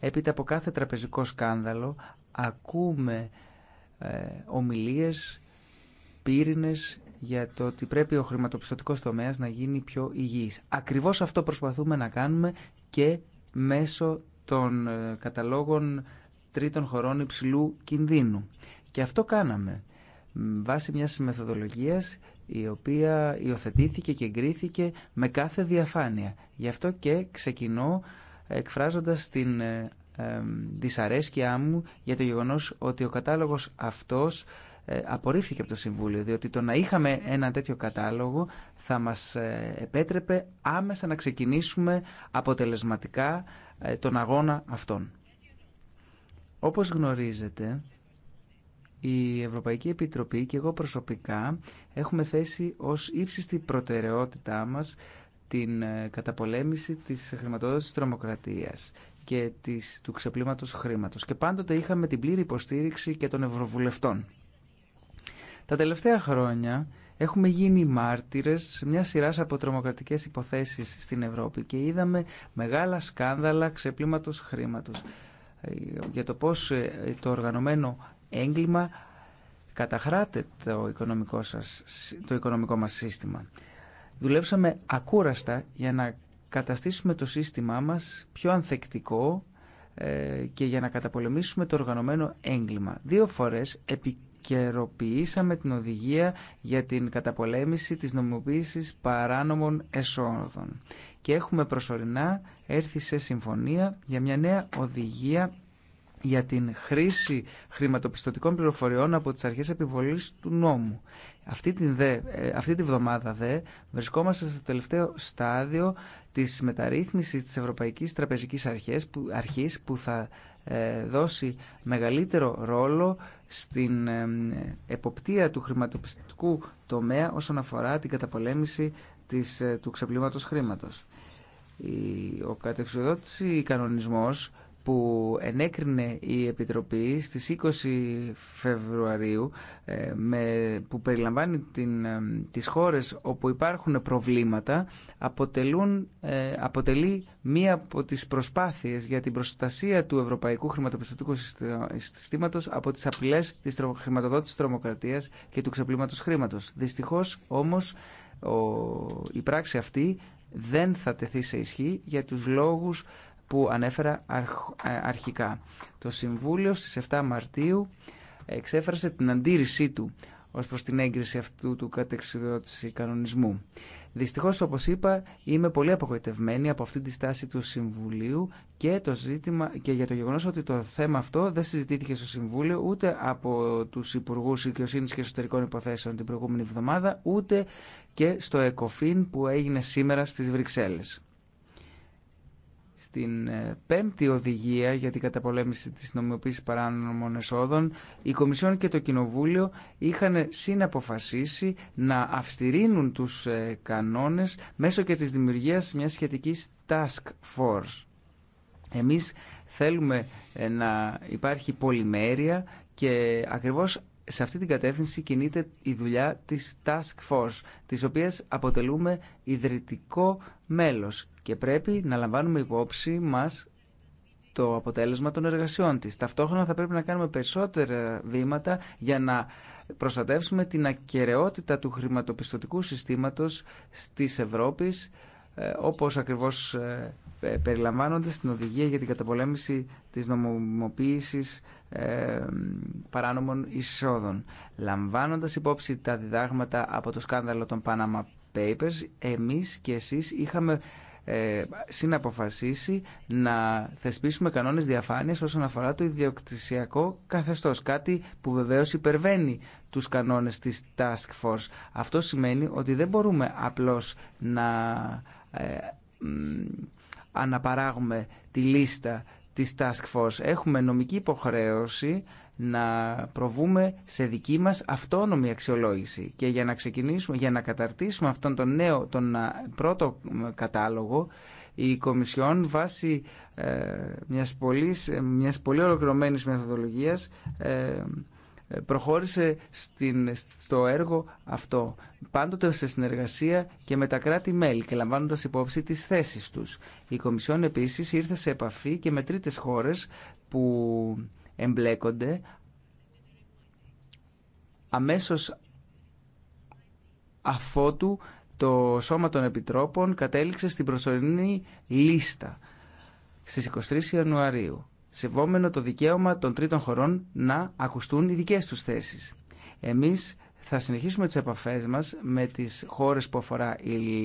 Έπειτα από κάθε τραπεζικό σκάνδαλο ακούμε ε, ομιλίες, πύρινες για το ότι πρέπει ο χρηματοπιστωτικός τομέας να γίνει πιο υγιής. Ακριβώς αυτό προσπαθούμε να κάνουμε και μέσω των ε, καταλόγων τρίτων χωρών υψηλού κινδύνου. Και αυτό κάναμε βάσει μιας μεθοδολογίας η οποία υιοθετήθηκε και εγκρίθηκε με κάθε διαφάνεια. Γι' αυτό και ξεκινώ ε, εκφράζοντας την ε, δυσαρέσκειά μου για το γεγονός ότι ο κατάλογος αυτός ε, απορρίφθηκε από το Συμβούλιο, διότι το να είχαμε ένα τέτοιο κατάλογο θα μας ε, επέτρεπε άμεσα να ξεκινήσουμε αποτελεσματικά ε, τον αγώνα αυτών. Όπως γνωρίζετε, η Ευρωπαϊκή Επιτροπή και εγώ προσωπικά έχουμε θέσει ως ύψιστη προτεραιότητά μας την καταπολέμηση της χρηματοδότησης τρομοκρατίας και της, του ξεπλήματος χρήματος. Και πάντοτε είχαμε την πλήρη υποστήριξη και των ευρωβουλευτών. Τα τελευταία χρόνια έχουμε γίνει μάρτυρες μια σειρά από τρομοκρατικές υποθέσεις στην Ευρώπη και είδαμε μεγάλα σκάνδαλα ξεπλήματος χρήματος ε, για το πώς ε, το οργανωμένο έγκλημα καταχράτε το οικονομικό, σας, το οικονομικό μας σύστημα. Δουλέψαμε ακούραστα για να καταστήσουμε το σύστημά μας πιο ανθεκτικό ε, και για να καταπολεμήσουμε το οργανωμένο έγκλημα. Δύο φορές επικαιροποιήσαμε την οδηγία για την καταπολέμηση της νομιμοποίησης παράνομων εσόδων. Και έχουμε προσωρινά έρθει σε συμφωνία για μια νέα οδηγία για την χρήση χρηματοπιστωτικών πληροφοριών από τις αρχές επιβολής του νόμου. Αυτή τη, δε, ε, αυτή τη βδομάδα δε βρισκόμαστε στο τελευταίο στάδιο της μεταρρύθμισης της Ευρωπαϊκής Τραπεζικής Αρχής που, αρχής που θα ε, δώσει μεγαλύτερο ρόλο στην ε, εποπτεία του χρηματοπιστικού τομέα όσον αφορά την καταπολέμηση της, του ξεπλήματος χρήματος. Η, ο κατεξοδότηση κανονισμός που ενέκρινε η Επιτροπή στις 20 Φεβρουαρίου ε, που περιλαμβάνει την, ε, τις χώρες όπου υπάρχουν προβλήματα αποτελούν, ε, αποτελεί μία από τις προσπάθειες για την προστασία του Ευρωπαϊκού Χρηματοπιστωτικού Συστήματος από τις απειλές της χρηματοδότησης τρομοκρατίας και του ξεπλήματος χρήματος. Δυστυχώς όμως η πράξη αυτή δεν θα τεθεί σε ισχύ για τους λόγους που ανέφερα ε, αρχικά. Το Συμβούλιο στις 7 Μαρτίου εξέφρασε την αντίρρησή του ως προς την έγκριση αυτού του κατεξιδότηση κανονισμού. Δυστυχώς, όπως είπα, είμαι πολύ απογοητευμένη από αυτή τη στάση του Συμβουλίου και, το ζήτημα, και για το γεγονός ότι το θέμα αυτό δεν συζητήθηκε στο Συμβούλιο ούτε από τους Υπουργούς Οικειοσύνης και Εσωτερικών Υποθέσεων την προηγούμενη εβδομάδα, ούτε και στο ΕΚΟΦΗΝ που έγινε σήμερα στις Βρυξέλλες. Στην ε, πέμπτη οδηγία για την καταπολέμηση της νομιμοποίησης παράνομων εσόδων, η Κομισιόν και το Κοινοβούλιο είχαν συναποφασίσει να αυστηρίνουν τους ε, κανόνες μέσω και της δημιουργίας μιας σχετικής task force. Εμείς θέλουμε ε, να υπάρχει πολυμέρεια και ακριβώς σε αυτή την κατεύθυνση κινείται η δουλειά της Task Force, της οποίας αποτελούμε ιδρυτικό μέλος και πρέπει να λαμβάνουμε υπόψη μας το αποτέλεσμα των εργασιών της. Ταυτόχρονα θα πρέπει να κάνουμε περισσότερα βήματα για να προστατεύσουμε την ακαιρεότητα του χρηματοπιστωτικού συστήματος της Ευρώπης ε, όπως ακριβώς ε, περιλαμβάνονται στην οδηγία για την καταπολέμηση της νομιμοποίησης ε, παράνομων εισόδων. Λαμβάνοντας υπόψη τα διδάγματα από το σκάνδαλο των Panama Papers, εμείς και εσείς είχαμε ε, συναποφασίσει να θεσπίσουμε κανόνες διαφάνειας όσον αφορά το ιδιοκτησιακό καθεστώς. Κάτι που βεβαίως υπερβαίνει τους κανόνες της Task Force. Αυτό σημαίνει ότι δεν μπορούμε απλώς να ε, αναπαράγουμε τη λίστα της Task Force. Έχουμε νομική υποχρέωση να προβούμε σε δική μας αυτόνομη αξιολόγηση και για να ξεκινήσουμε, για να καταρτήσουμε αυτόν τον νέο, τον πρώτο κατάλογο η Κομισιόν βάσει ε, μιας, πολύ, μιας πολύ ολοκληρωμένης μεθοδολογίας ε, ε, προχώρησε στην, στο έργο αυτό, πάντοτε σε συνεργασία και με τα κράτη-μέλη και λαμβάνοντας υπόψη τις θέσεις τους. Η Κομισιόν επίσης ήρθε σε επαφή και με τρίτες χώρες που εμπλέκονται αμέσως αφότου το Σώμα των Επιτρόπων κατέληξε στην προσωρινή λίστα στις 23 Ιανουαρίου σεβόμενο το δικαίωμα των τρίτων χωρών να ακουστούν οι δικές τους θέσεις. Εμείς θα συνεχίσουμε τις επαφές μας με τις χώρες που αφορά η,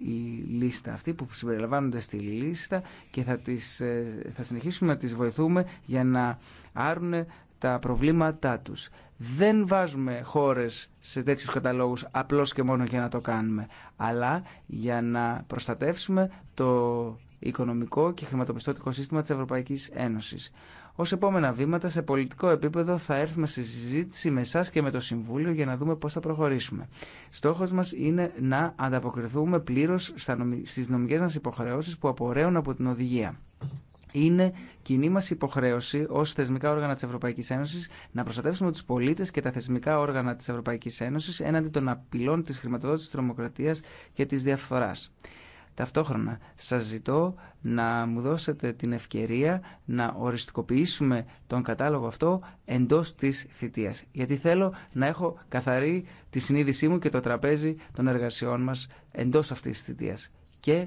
η, λίστα αυτή, που συμπεριλαμβάνονται στη λίστα και θα, τις, ε, θα συνεχίσουμε να τις βοηθούμε για να άρουν τα προβλήματά τους. Δεν βάζουμε χώρες σε τέτοιους καταλόγους απλώς και μόνο για να το κάνουμε, αλλά για να προστατεύσουμε το οικονομικό και χρηματοπιστωτικό σύστημα της Ευρωπαϊκής Ένωσης. Ω επόμενα βήματα, σε πολιτικό επίπεδο, θα έρθουμε στη συζήτηση με εσά και με το Συμβούλιο για να δούμε πώ θα προχωρήσουμε. Στόχο μα είναι να ανταποκριθούμε πλήρω στι νομικέ μα υποχρεώσει που απορρέουν από την οδηγία. Είναι κοινή μα υποχρέωση ω θεσμικά όργανα τη Ευρωπαϊκή Ένωση να προστατεύσουμε του πολίτε και τα θεσμικά όργανα τη Ευρωπαϊκή Ένωση έναντι των απειλών τη χρηματοδότηση τη τρομοκρατία και τη διαφθορά. Ταυτόχρονα σας ζητώ να μου δώσετε την ευκαιρία να οριστικοποιήσουμε τον κατάλογο αυτό εντός της θητείας. Γιατί θέλω να έχω καθαρή τη συνείδησή μου και το τραπέζι των εργασιών μας εντός αυτής της θητείας. Και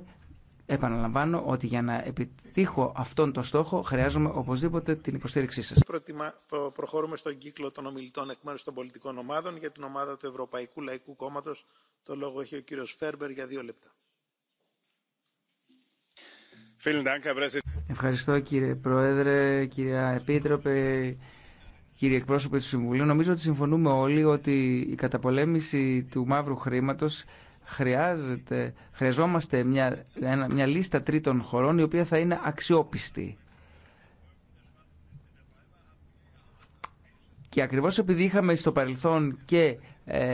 επαναλαμβάνω ότι για να επιτύχω αυτόν τον στόχο χρειάζομαι οπωσδήποτε την υποστήριξή σας. Προτιμα... Προχωρούμε στον κύκλο των ομιλητών εκ μέρους των πολιτικών ομάδων. Για την ομάδα του Ευρωπαϊκού Λαϊκού Κόμματος το λόγο έχει ο κύριος Φέρμπερ για δύο λεπτά. Ευχαριστώ κύριε Πρόεδρε, κυρία Επίτροπε, κύριε εκπρόσωπε του Συμβουλίου. Νομίζω ότι συμφωνούμε όλοι ότι η καταπολέμηση του μαύρου χρήματος χρειάζεται, χρειαζόμαστε μια, μια λίστα τρίτων χωρών η οποία θα είναι αξιόπιστη. Και ακριβώς επειδή είχαμε στο παρελθόν και ε,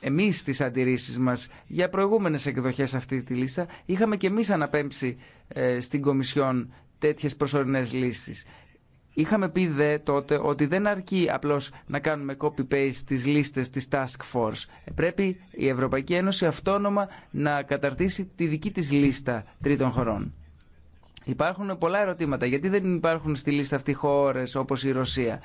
εμείς τις αντιρρήσεις μας για προηγούμενες εκδοχές αυτή τη λίστα, είχαμε και εμείς αναπέμψει ε, στην Κομισιόν τέτοιες προσωρινές λίστες Είχαμε πει δε τότε ότι δεν αρκεί απλώς να κάνουμε copy-paste τις λίστες της Task Force. Ε, πρέπει η Ευρωπαϊκή Ένωση αυτόνομα να καταρτήσει τη δική της λίστα τρίτων χωρών. Υπάρχουν πολλά ερωτήματα. Γιατί δεν υπάρχουν στη λίστα αυτή χώρες όπως η Ρωσία.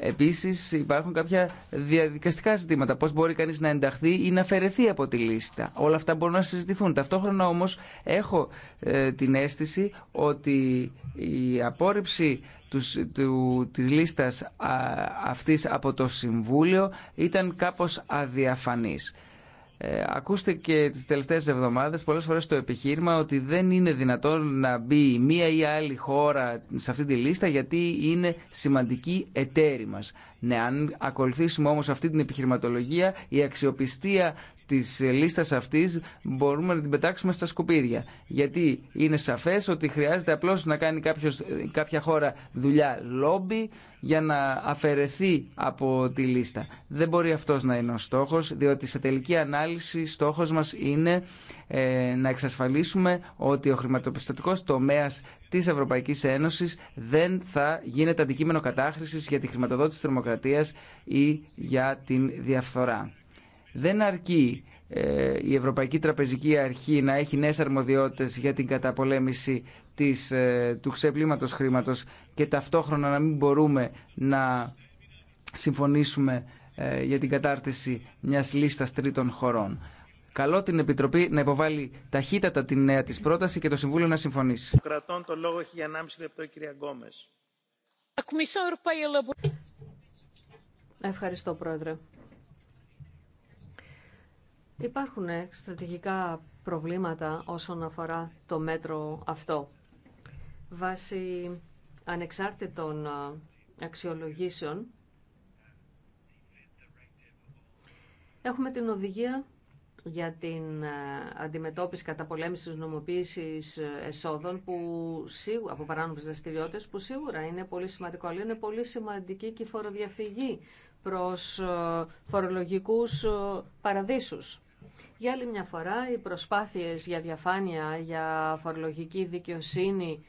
Επίσης υπάρχουν κάποια διαδικαστικά ζητήματα, Πώ μπορεί κανείς να ενταχθεί ή να αφαιρεθεί από τη λίστα. Όλα αυτά μπορούν να συζητηθούν. Ταυτόχρονα ομω έχω ε, την αίσθηση ότι η απόρριψη τη του, της λίστας αυτής από το Συμβούλιο ήταν κάπως αδιαφανής. Ε, και τις τελευταίες εβδομάδες πολλές φορές το επιχείρημα ότι δεν είναι δυνατόν να μπει μία ή άλλη χώρα σε αυτή τη λίστα γιατί είναι σημαντική εταίρη μας. Ναι, αν ακολουθήσουμε όμως αυτή την επιχειρηματολογία, η αξιοπιστία της λίστας αυτής μπορούμε να την πετάξουμε στα σκουπίδια. Γιατί είναι σαφές ότι χρειάζεται απλώς να κάνει κάποιος, κάποια χώρα δουλειά λόμπι για να αφαιρεθεί από τη λίστα. Δεν μπορεί αυτός να είναι ο στόχος, διότι σε τελική ανάλυση στόχος μας είναι ε, να εξασφαλίσουμε ότι ο χρηματοπιστωτικός τομέας της Ευρωπαϊκή Ένωση δεν θα γίνεται αντικείμενο κατάχρηση για τη χρηματοδότηση της ή για την διαφθορά. Δεν αρκεί ε, η Ευρωπαϊκή Τραπεζική Αρχή να έχει νέες αρμοδιότητες για την καταπολέμηση της, ε, του ξεπλήματος χρήματος και ταυτόχρονα να μην μπορούμε να συμφωνήσουμε για την κατάρτιση μιας λίστας τρίτων χωρών. Καλό την Επιτροπή να υποβάλει ταχύτατα τη νέα της πρόταση και το Συμβούλιο να συμφωνήσει. Κρατών το λόγο έχει για 1,5 λεπτό η κυρία Ευχαριστώ, Πρόεδρε. Υπάρχουν στρατηγικά προβλήματα όσον αφορά το μέτρο αυτό. Βάσει ανεξάρτητων αξιολογήσεων, έχουμε την οδηγία για την ε, αντιμετώπιση πολέμηση της νομοποίησης ε, εσόδων που σίγου, από παράνομες δραστηριότητε που σίγουρα είναι πολύ σημαντικό. Αλλά είναι πολύ σημαντική και η φοροδιαφυγή προς ε, φορολογικούς παραδείσους. Για άλλη μια φορά, οι προσπάθειες για διαφάνεια, για φορολογική δικαιοσύνη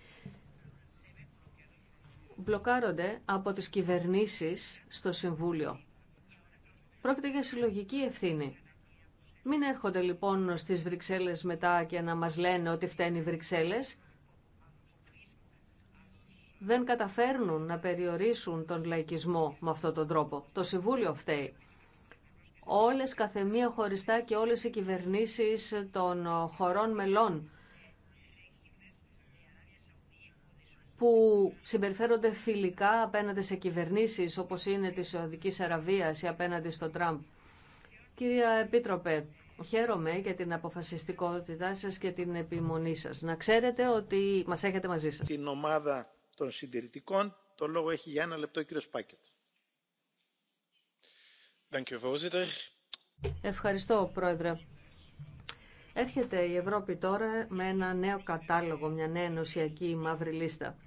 μπλοκάρονται από τις κυβερνήσεις στο Συμβούλιο. Πρόκειται για συλλογική ευθύνη. Μην έρχονται λοιπόν στις Βρυξέλλες μετά και να μας λένε ότι φταίνει οι Βρυξέλλες. Δεν καταφέρνουν να περιορίσουν τον λαϊκισμό με αυτόν τον τρόπο. Το Συμβούλιο φταίει. Όλες καθεμία χωριστά και όλες οι κυβερνήσεις των χωρών μελών που συμπεριφέρονται φιλικά απέναντι σε κυβερνήσεις όπως είναι της Σαουδικής Αραβίας ή απέναντι στο Τραμπ. Κυρία Επίτροπε, χαίρομαι για την αποφασιστικότητά σας και την επιμονή σας. Να ξέρετε ότι μας έχετε μαζί σας. Την ομάδα των συντηρητικών, το λόγο έχει για ένα λεπτό ο κύριος Ευχαριστώ, Πρόεδρε. Έρχεται η Ευρώπη τώρα με ένα νέο κατάλογο, μια νέα ενωσιακή μαύρη λίστα.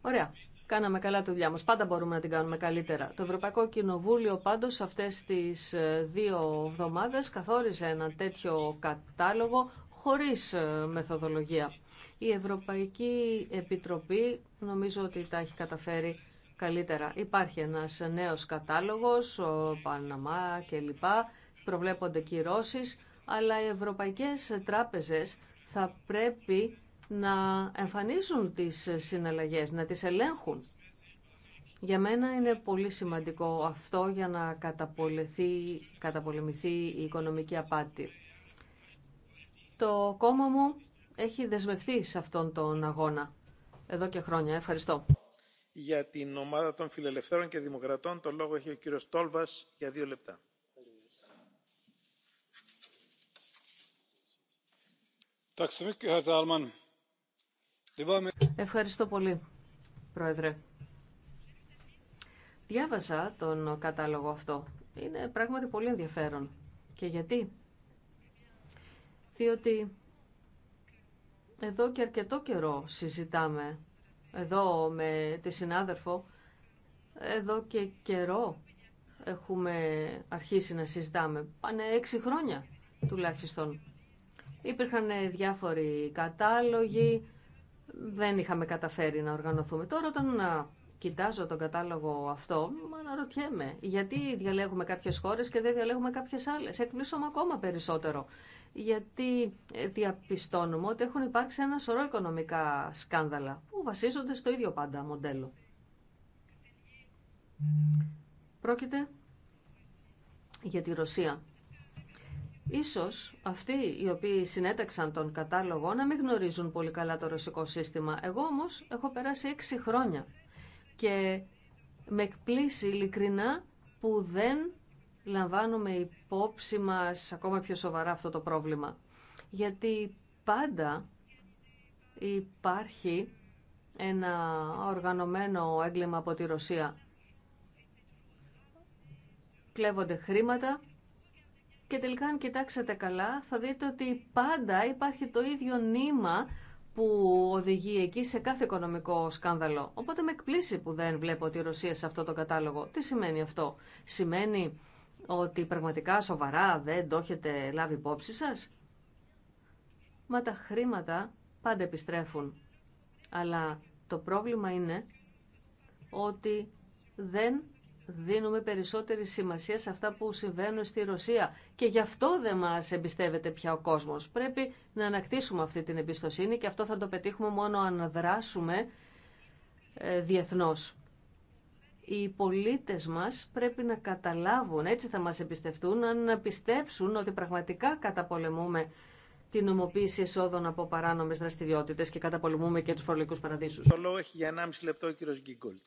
Ωραία. Κάναμε καλά τη δουλειά μας. Πάντα μπορούμε να την κάνουμε καλύτερα. Το Ευρωπαϊκό Κοινοβούλιο πάντως αυτές τις ε, δύο εβδομάδες καθόρισε ένα τέτοιο κατάλογο χωρίς ε, μεθοδολογία. Η Ευρωπαϊκή Επιτροπή νομίζω ότι τα έχει καταφέρει καλύτερα. Υπάρχει ένας νέος κατάλογος, ο Παναμά κλπ. Προβλέπονται κυρώσεις, αλλά οι ευρωπαϊκές τράπεζες θα πρέπει να εμφανίζουν τις συναλλαγές, να τις ελέγχουν. Για μένα είναι πολύ σημαντικό αυτό για να καταπολεμηθεί η οικονομική απάτη. Το κόμμα μου έχει δεσμευτεί σε αυτόν τον αγώνα εδώ και χρόνια. Ευχαριστώ. Για την ομάδα των φιλελευθέρων και δημοκρατών το λόγο έχει ο κύριος Τόλβας για δύο λεπτά. Λοιπόν, Ευχαριστώ πολύ, Πρόεδρε. Διάβασα τον κατάλογο αυτό. Είναι πράγματι πολύ ενδιαφέρον. Και γιατί? Διότι εδώ και αρκετό καιρό συζητάμε, εδώ με τη συνάδελφο, εδώ και καιρό έχουμε αρχίσει να συζητάμε. Πάνε έξι χρόνια τουλάχιστον. Υπήρχαν διάφοροι κατάλογοι, δεν είχαμε καταφέρει να οργανωθούμε. Τώρα όταν κοιτάζω τον κατάλογο αυτό, αναρωτιέμαι γιατί διαλέγουμε κάποιες χώρες και δεν διαλέγουμε κάποιες άλλες. Εκπλήσωμα ακόμα περισσότερο. Γιατί ε, διαπιστώνουμε ότι έχουν υπάρξει ένα σωρό οικονομικά σκάνδαλα που βασίζονται στο ίδιο πάντα μοντέλο. Πρόκειται για τη Ρωσία. Ίσως αυτοί οι οποίοι συνέταξαν τον κατάλογο να μην γνωρίζουν πολύ καλά το ρωσικό σύστημα. Εγώ όμως έχω περάσει έξι χρόνια και με εκπλήσει ειλικρινά που δεν λαμβάνουμε υπόψη μας ακόμα πιο σοβαρά αυτό το πρόβλημα. Γιατί πάντα υπάρχει ένα οργανωμένο έγκλημα από τη Ρωσία. Κλέβονται χρήματα και τελικά αν κοιτάξετε καλά θα δείτε ότι πάντα υπάρχει το ίδιο νήμα που οδηγεί εκεί σε κάθε οικονομικό σκάνδαλο. Οπότε με εκπλήσει που δεν βλέπω τη Ρωσία σε αυτό το κατάλογο. Τι σημαίνει αυτό. Σημαίνει ότι πραγματικά σοβαρά δεν το έχετε λάβει υπόψη σας. Μα τα χρήματα πάντα επιστρέφουν. Αλλά το πρόβλημα είναι ότι δεν δίνουμε περισσότερη σημασία σε αυτά που συμβαίνουν στη Ρωσία και γι' αυτό δεν μας εμπιστεύεται πια ο κόσμος. Πρέπει να ανακτήσουμε αυτή την εμπιστοσύνη και αυτό θα το πετύχουμε μόνο αν δράσουμε ε, διεθνώς. Οι πολίτες μας πρέπει να καταλάβουν, έτσι θα μας εμπιστευτούν, αν πιστέψουν ότι πραγματικά καταπολεμούμε την νομοποίηση εσόδων από παράνομες δραστηριότητες και καταπολεμούμε και τους φορολογικούς παραδείσους. Το λόγο έχει για 1,5 λεπτό ο κύριος Γκίγκολτ.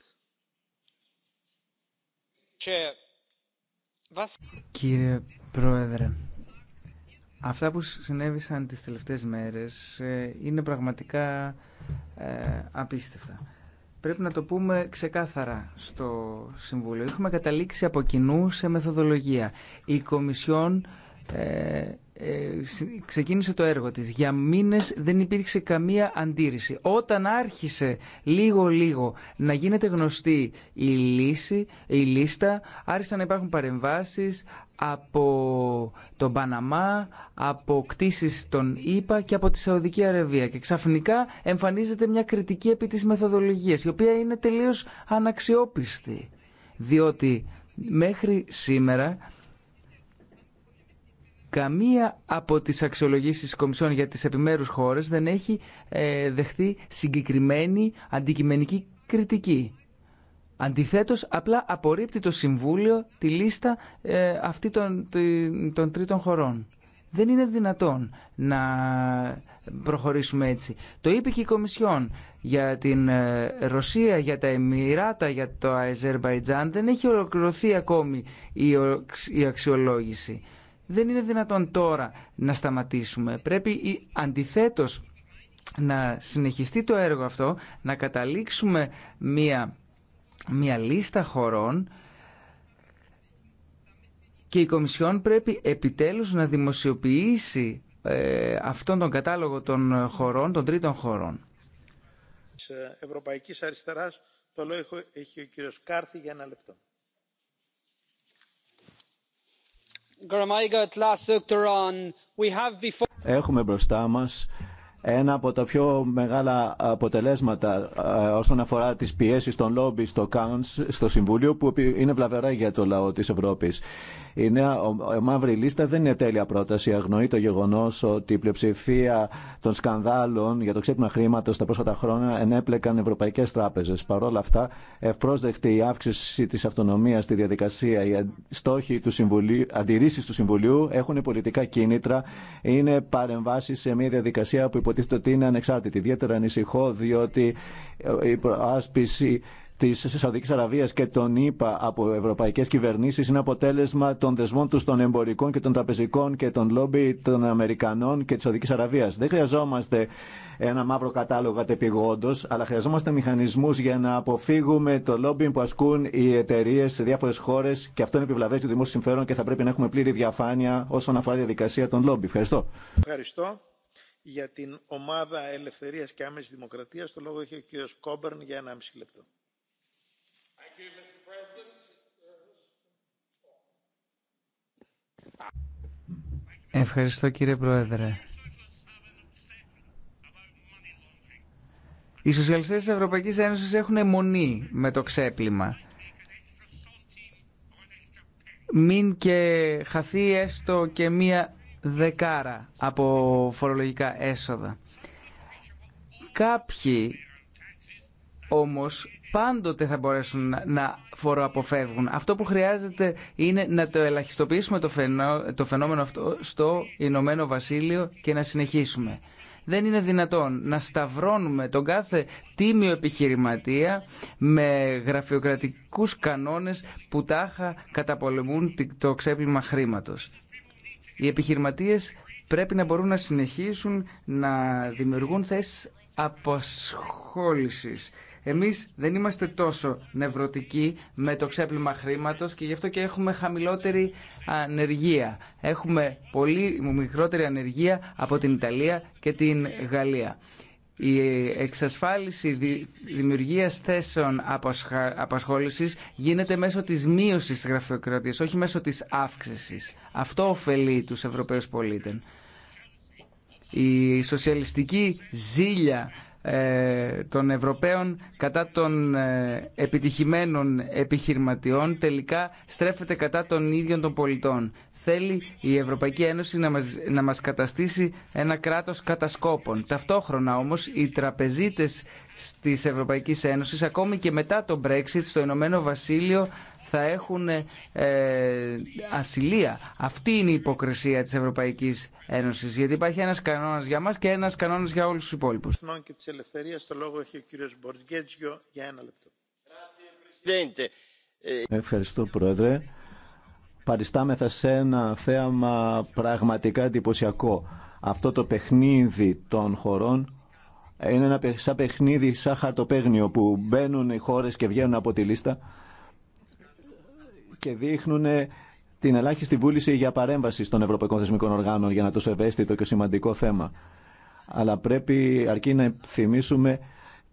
Κύριε Πρόεδρε, αυτά που συνέβησαν τις τελευταίες μέρες ε, είναι πραγματικά ε, απίστευτα. Πρέπει να το πούμε ξεκάθαρα στο Συμβούλιο. Έχουμε καταλήξει από κοινού σε μεθοδολογία. Η Κομισιόν ε, ε, ξεκίνησε το έργο της. Για μήνες δεν υπήρξε καμία αντίρρηση. Όταν άρχισε λίγο-λίγο να γίνεται γνωστή η, λύση, η λίστα, άρχισαν να υπάρχουν παρεμβάσεις από τον Παναμά, από κτίσεις των ΙΠΑ και από τη Σαουδική Αραβία. Και ξαφνικά εμφανίζεται μια κριτική επί της μεθοδολογίας, η οποία είναι τελείως αναξιόπιστη. Διότι μέχρι σήμερα Καμία από τις αξιολογήσεις της Κομισιόν για τις επιμέρους χώρες δεν έχει ε, δεχθεί συγκεκριμένη αντικειμενική κριτική. Αντιθέτως, απλά απορρίπτει το Συμβούλιο τη λίστα ε, αυτή των, των τρίτων χωρών. Δεν είναι δυνατόν να προχωρήσουμε έτσι. Το είπε και η Κομισιόν για την ε, Ρωσία, για τα Εμμυράτα, για το Αιζερβαϊτζάν. Δεν έχει ολοκληρωθεί ακόμη η αξιολόγηση. Δεν είναι δυνατόν τώρα να σταματήσουμε. Πρέπει αντιθέτως να συνεχιστεί το έργο αυτό, να καταλήξουμε μία, μία λίστα χωρών και η Κομισιόν πρέπει επιτέλους να δημοσιοποιήσει ε, αυτόν τον κατάλογο των χωρών, των τρίτων χωρών. Ε, Ευρωπαϊκής Αριστεράς, το λόγο έχει ο κύριος Κάρθη για ένα λεπτό. Έχουμε μπροστά μας ένα από τα πιο μεγάλα αποτελέσματα ε, όσον αφορά τις πιέσεις των λόμπι στο, στο Συμβούλιο που είναι βλαβερά για το λαό της Ευρώπης. Η νέα μαύρη λίστα δεν είναι τέλεια πρόταση. Αγνοεί το γεγονό ότι η πλειοψηφία των σκανδάλων για το ξέπλυμα χρήματο τα πρόσφατα χρόνια ενέπλεκαν ευρωπαϊκέ τράπεζε. Παρ' όλα αυτά, ευπρόσδεκτη η αύξηση τη αυτονομία στη διαδικασία, οι στόχοι του αντιρρήσει του Συμβουλίου έχουν πολιτικά κίνητρα, είναι παρεμβάσει σε μια διαδικασία που υποτίθεται ότι είναι ανεξάρτητη. Ιδιαίτερα ανησυχώ διότι ε, η προάσπιση τη Σαουδική Αραβία και των ΗΠΑ από ευρωπαϊκέ κυβερνήσει είναι αποτέλεσμα των δεσμών του των εμπορικών και των τραπεζικών και των λόμπι των Αμερικανών και τη Σαουδική Αραβία. Δεν χρειαζόμαστε ένα μαύρο κατάλογο κατεπηγόντω, αλλά χρειαζόμαστε μηχανισμού για να αποφύγουμε το λόμπι που ασκούν οι εταιρείε σε διάφορε χώρε και αυτό είναι επιβλαβέ του δημόσιου συμφέρον και θα πρέπει να έχουμε πλήρη διαφάνεια όσον αφορά τη διαδικασία των λόμπι. Ευχαριστώ. Ευχαριστώ για την ομάδα Ελευθερίας και Άμεσης Δημοκρατίας. Το λόγο έχει ο κύριος Κόμπερν για 1,5 λεπτό. Ευχαριστώ κύριε Πρόεδρε. Οι σοσιαλιστές της Ευρωπαϊκής Ένωσης έχουν αιμονή με το ξέπλυμα. Μην και χαθεί έστω και μία δεκάρα από φορολογικά έσοδα. Κάποιοι όμως πάντοτε θα μπορέσουν να φοροαποφεύγουν. Αυτό που χρειάζεται είναι να το ελαχιστοποιήσουμε το, το φαινόμενο αυτό στο Ηνωμένο Βασίλειο και να συνεχίσουμε. Δεν είναι δυνατόν να σταυρώνουμε τον κάθε τίμιο επιχειρηματία με γραφειοκρατικούς κανόνες που τάχα καταπολεμούν το ξέπλυμα χρήματος. Οι επιχειρηματίες πρέπει να μπορούν να συνεχίσουν να δημιουργούν θέσεις απασχόλησης εμείς δεν είμαστε τόσο νευρωτικοί με το ξέπλυμα χρήματο και γι' αυτό και έχουμε χαμηλότερη ανεργία. Έχουμε πολύ μικρότερη ανεργία από την Ιταλία και την Γαλλία. Η εξασφάλιση δημιουργίας θέσεων απασχόλησης γίνεται μέσω της μείωσης της γραφειοκρατίας, όχι μέσω της αύξησης. Αυτό ωφελεί τους Ευρωπαίους πολίτες. Η σοσιαλιστική ζήλια ε, των Ευρωπαίων κατά των ε, επιτυχημένων επιχειρηματιών τελικά στρέφεται κατά των ίδιων των πολιτών. Θέλει η Ευρωπαϊκή Ένωση να μας, να μας καταστήσει ένα κράτος κατασκόπων. Ταυτόχρονα όμως οι τραπεζίτες της Ευρωπαϊκής Ένωσης ακόμη και μετά το Brexit στο Ηνωμένο Βασίλειο θα έχουν ε, ασυλία. Αυτή είναι η υποκρισία της Ευρωπαϊκής Ένωσης, γιατί υπάρχει ένας κανόνας για μας και ένας κανόνας για όλους τους υπόλοιπους. Και της ελευθερίας, το λόγο έχει ο κύριος για ένα λεπτό. Ε, Ευχαριστώ, Πρόεδρε. Παριστάμεθα σε ένα θέαμα πραγματικά εντυπωσιακό. Αυτό το παιχνίδι των χωρών είναι ένα σαν παιχνίδι, σαν χαρτοπέγνιο που μπαίνουν οι χώρες και βγαίνουν από τη λίστα και δείχνουν την ελάχιστη βούληση για παρέμβαση των Ευρωπαϊκών Θεσμικών Οργάνων για να τόσο ευαίσθητο και σημαντικό θέμα. Αλλά πρέπει αρκεί να θυμίσουμε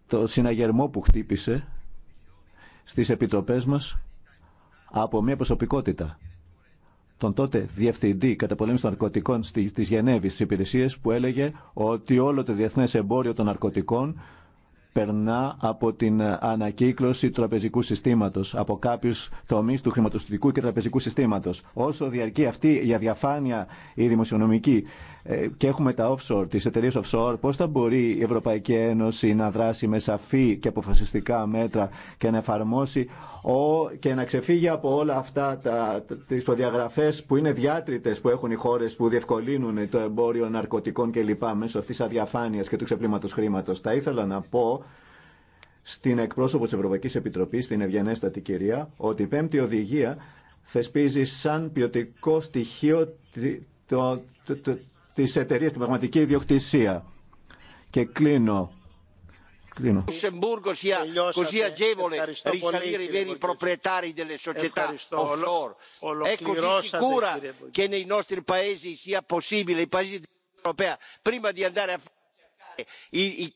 το συναγερμό που χτύπησε στις επιτροπές μας από μια προσωπικότητα τον τότε διευθυντή καταπολέμηση των ναρκωτικών στις Γενέβη, στις υπηρεσίες που έλεγε ότι όλο το διεθνές εμπόριο των ναρκωτικών περνά από την ανακύκλωση του τραπεζικού συστήματος, από κάποιους τομείς του χρηματοστατικού και τραπεζικού συστήματος. Όσο διαρκεί αυτή η αδιαφάνεια η δημοσιονομική ε, και έχουμε τα offshore, τις εταιρείες offshore, πώς θα μπορεί η Ευρωπαϊκή Ένωση να δράσει με σαφή και αποφασιστικά μέτρα και να εφαρμόσει και να ξεφύγει από όλα αυτά τα, τις προδιαγραφές που είναι διάτριτες που έχουν οι χώρες που διευκολύνουν το εμπόριο ναρκωτικών λοιπά μέσω αυτής της αδιαφάνειας και του ξεπλήματος χρήματος. Θα ήθελα να πω στην εκπρόσωπο της Ευρωπαϊκής Επιτροπής, στην ευγενέστατη κυρία, ότι η πέμπτη οδηγία θεσπίζει σαν ποιοτικό στοιχείο το, το, το, τη εταιρεία, την πραγματική ιδιοκτησία. Και κλείνω. Κλείνω. così agevole risalire i veri proprietari delle società offshore. È così sicura che nei nostri paesi sia possibile, i paesi dell'Unione Europea, prima di andare a cercare i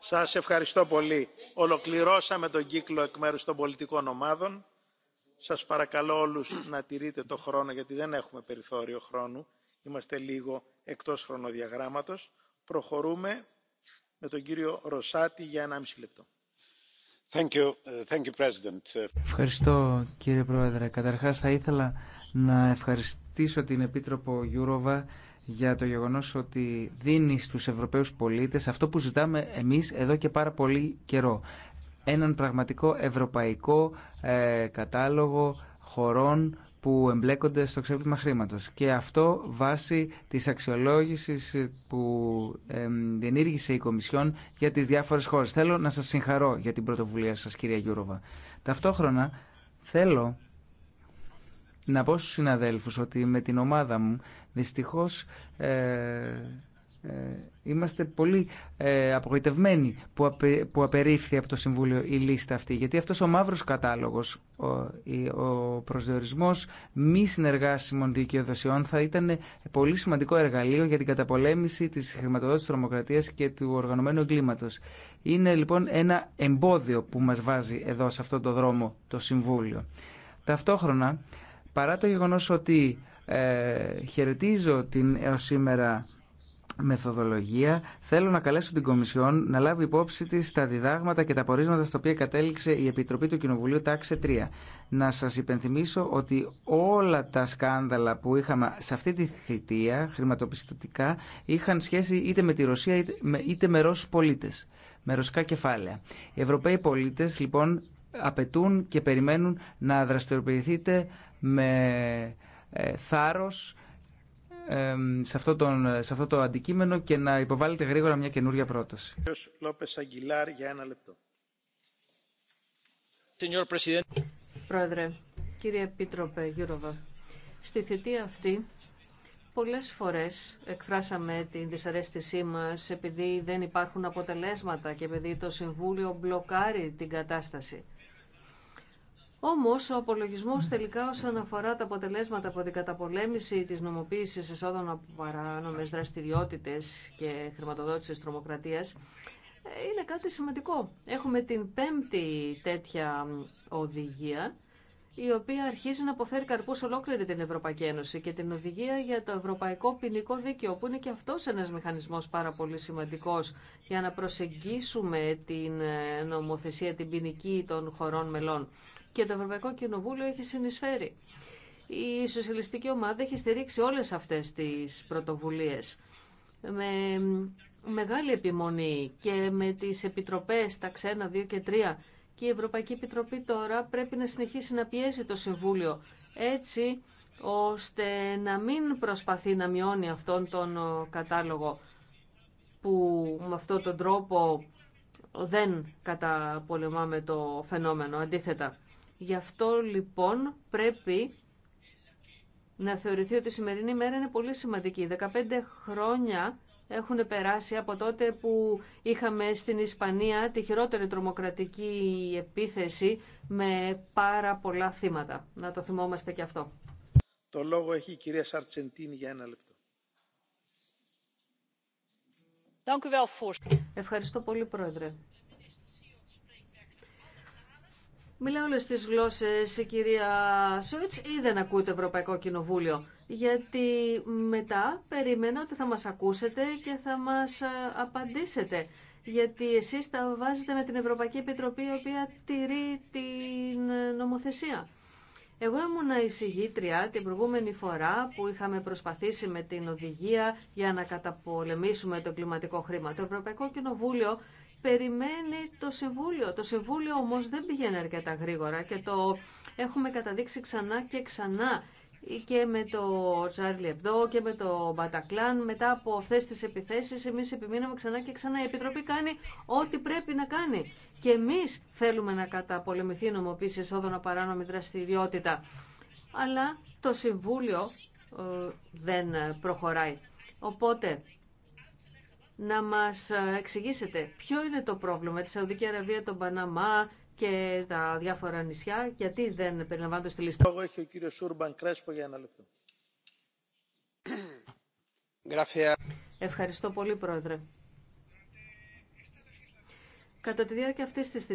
Σας ευχαριστώ πολύ. Ολοκληρώσαμε τον κύκλο εκ μέρους των πολιτικών ομάδων. Σας παρακαλώ όλους να τηρείτε το χρόνο γιατί δεν έχουμε περιθώριο χρόνου είμαστε λίγο εκτός χρονοδιαγράμματος. Προχωρούμε με τον κύριο Ρωσάτη για 1,5 λεπτό. Thank you. Uh, thank Ευχαριστώ κύριε Πρόεδρε. Καταρχάς θα ήθελα να ευχαριστήσω την Επίτροπο Γιούροβα για το γεγονός ότι δίνει στους Ευρωπαίους πολίτες αυτό που ζητάμε εμείς εδώ και πάρα πολύ καιρό. Έναν πραγματικό ευρωπαϊκό ε, κατάλογο χωρών που εμπλέκονται στο ξέπλυμα χρήματος. Και αυτό βάσει της αξιολόγησης που διενήργησε η Κομισιόν για τις διάφορες χώρες. Θέλω να σας συγχαρώ για την πρωτοβουλία σας, κυρία Γιούροβα. Ταυτόχρονα θέλω να πω στους συναδέλφους ότι με την ομάδα μου δυστυχώς ε, ε, είμαστε πολύ ε, απογοητευμένοι που, απε, που απερίφθη από το Συμβούλιο η λίστα αυτή, γιατί αυτός ο μαύρος κατάλογος, ο, ο προσδιορισμός μη συνεργάσιμων δικαιοδοσιών θα ήταν πολύ σημαντικό εργαλείο για την καταπολέμηση της χρηματοδότησης τρομοκρατίας και του οργανωμένου εγκλήματος. Είναι λοιπόν ένα εμπόδιο που μας βάζει εδώ σε αυτόν τον δρόμο το Συμβούλιο. Ταυτόχρονα, παρά το γεγονός ότι ε, χαιρετίζω την έως σήμερα μεθοδολογία, θέλω να καλέσω την Κομισιόν να λάβει υπόψη τη τα διδάγματα και τα πορίσματα στα οποία κατέληξε η Επιτροπή του Κοινοβουλίου Τάξε 3. Να σα υπενθυμίσω ότι όλα τα σκάνδαλα που είχαμε σε αυτή τη θητεία χρηματοπιστωτικά είχαν σχέση είτε με τη Ρωσία είτε με, είτε με Ρώσους πολίτες, με ρωσικά κεφάλαια. Οι Ευρωπαίοι πολίτες λοιπόν απαιτούν και περιμένουν να δραστηριοποιηθείτε με ε, θάρρος, σε αυτό, τον, αυτό το αντικείμενο και να υποβάλλετε γρήγορα μια καινούρια πρόταση. για λεπτό. Πρόεδρε, κύριε Επίτροπε Γιούροβα, στη θητεία αυτή πολλές φορές εκφράσαμε την δυσαρέστησή μας επειδή δεν υπάρχουν αποτελέσματα και επειδή το Συμβούλιο μπλοκάρει την κατάσταση. Όμω, ο απολογισμός τελικά όσον αφορά τα αποτελέσματα από την καταπολέμηση της νομοποίησης εσόδων από παράνομε δραστηριότητε και χρηματοδότησης τρομοκρατίας ε, είναι κάτι σημαντικό. Έχουμε την πέμπτη τέτοια οδηγία η οποία αρχίζει να αποφέρει καρπούς ολόκληρη την Ευρωπαϊκή Ένωση και την οδηγία για το Ευρωπαϊκό Ποινικό Δίκαιο, που είναι και αυτός ένας μηχανισμός πάρα πολύ σημαντικός για να προσεγγίσουμε την ε, νομοθεσία, την ποινική των χωρών μελών. Και το Ευρωπαϊκό Κοινοβούλιο έχει συνεισφέρει. Η Σοσιαλιστική Ομάδα έχει στηρίξει όλες αυτές τις πρωτοβουλίες με μεγάλη επιμονή και με τις επιτροπές τα ξένα 2 και τρία, και η Ευρωπαϊκή Επιτροπή τώρα πρέπει να συνεχίσει να πιέζει το Συμβούλιο έτσι ώστε να μην προσπαθεί να μειώνει αυτόν τον κατάλογο που με αυτόν τον τρόπο δεν καταπολεμάμε το φαινόμενο, αντίθετα. Γι' αυτό λοιπόν πρέπει να θεωρηθεί ότι η σημερινή μέρα είναι πολύ σημαντική. 15 χρόνια έχουν περάσει από τότε που είχαμε στην Ισπανία τη χειρότερη τρομοκρατική επίθεση με πάρα πολλά θύματα. Να το θυμόμαστε και αυτό. Το λόγο έχει η κυρία Σαρτσεντίν για ένα λεπτό. Ευχαριστώ πολύ, Πρόεδρε. Μιλάει όλες τις γλώσσες η κυρία Σούιτς ή δεν ακούει το Ευρωπαϊκό Κοινοβούλιο γιατί μετά περιμένω ότι θα μας ακούσετε και θα μας ε, απαντήσετε. Γιατί εσείς τα βάζετε με την Ευρωπαϊκή Επιτροπή, η οποία τηρεί την ε, νομοθεσία. Εγώ ήμουν εισηγήτρια την προηγούμενη φορά που είχαμε προσπαθήσει με την οδηγία για να καταπολεμήσουμε το κλιματικό χρήμα. Το Ευρωπαϊκό Κοινοβούλιο περιμένει το Συμβούλιο. Το Συμβούλιο όμως δεν πηγαίνει αρκετά γρήγορα και το έχουμε καταδείξει ξανά και ξανά και με το Τσάρλι Εμπδό και με το Μπατακλάν. Μετά από αυτές τις επιθέσεις, εμείς επιμείναμε ξανά και ξανά. Η Επιτροπή κάνει ό,τι πρέπει να κάνει. Και εμείς θέλουμε να καταπολεμηθεί η νομοποίηση εσόδων παράνομη δραστηριότητα. Αλλά το Συμβούλιο ε, δεν προχωράει. Οπότε, να μας ε, εξηγήσετε ποιο είναι το πρόβλημα της Σαουδική Αραβία, τον Παναμά, και τα διάφορα νησιά, γιατί δεν περιλαμβάνονται στη λίστα. Λόγο έχει ο κύριος Σούρμπαν Κρέσπο για ένα λεπτό. Ευχαριστώ πολύ, Πρόεδρε. Κατά τη διάρκεια αυτής της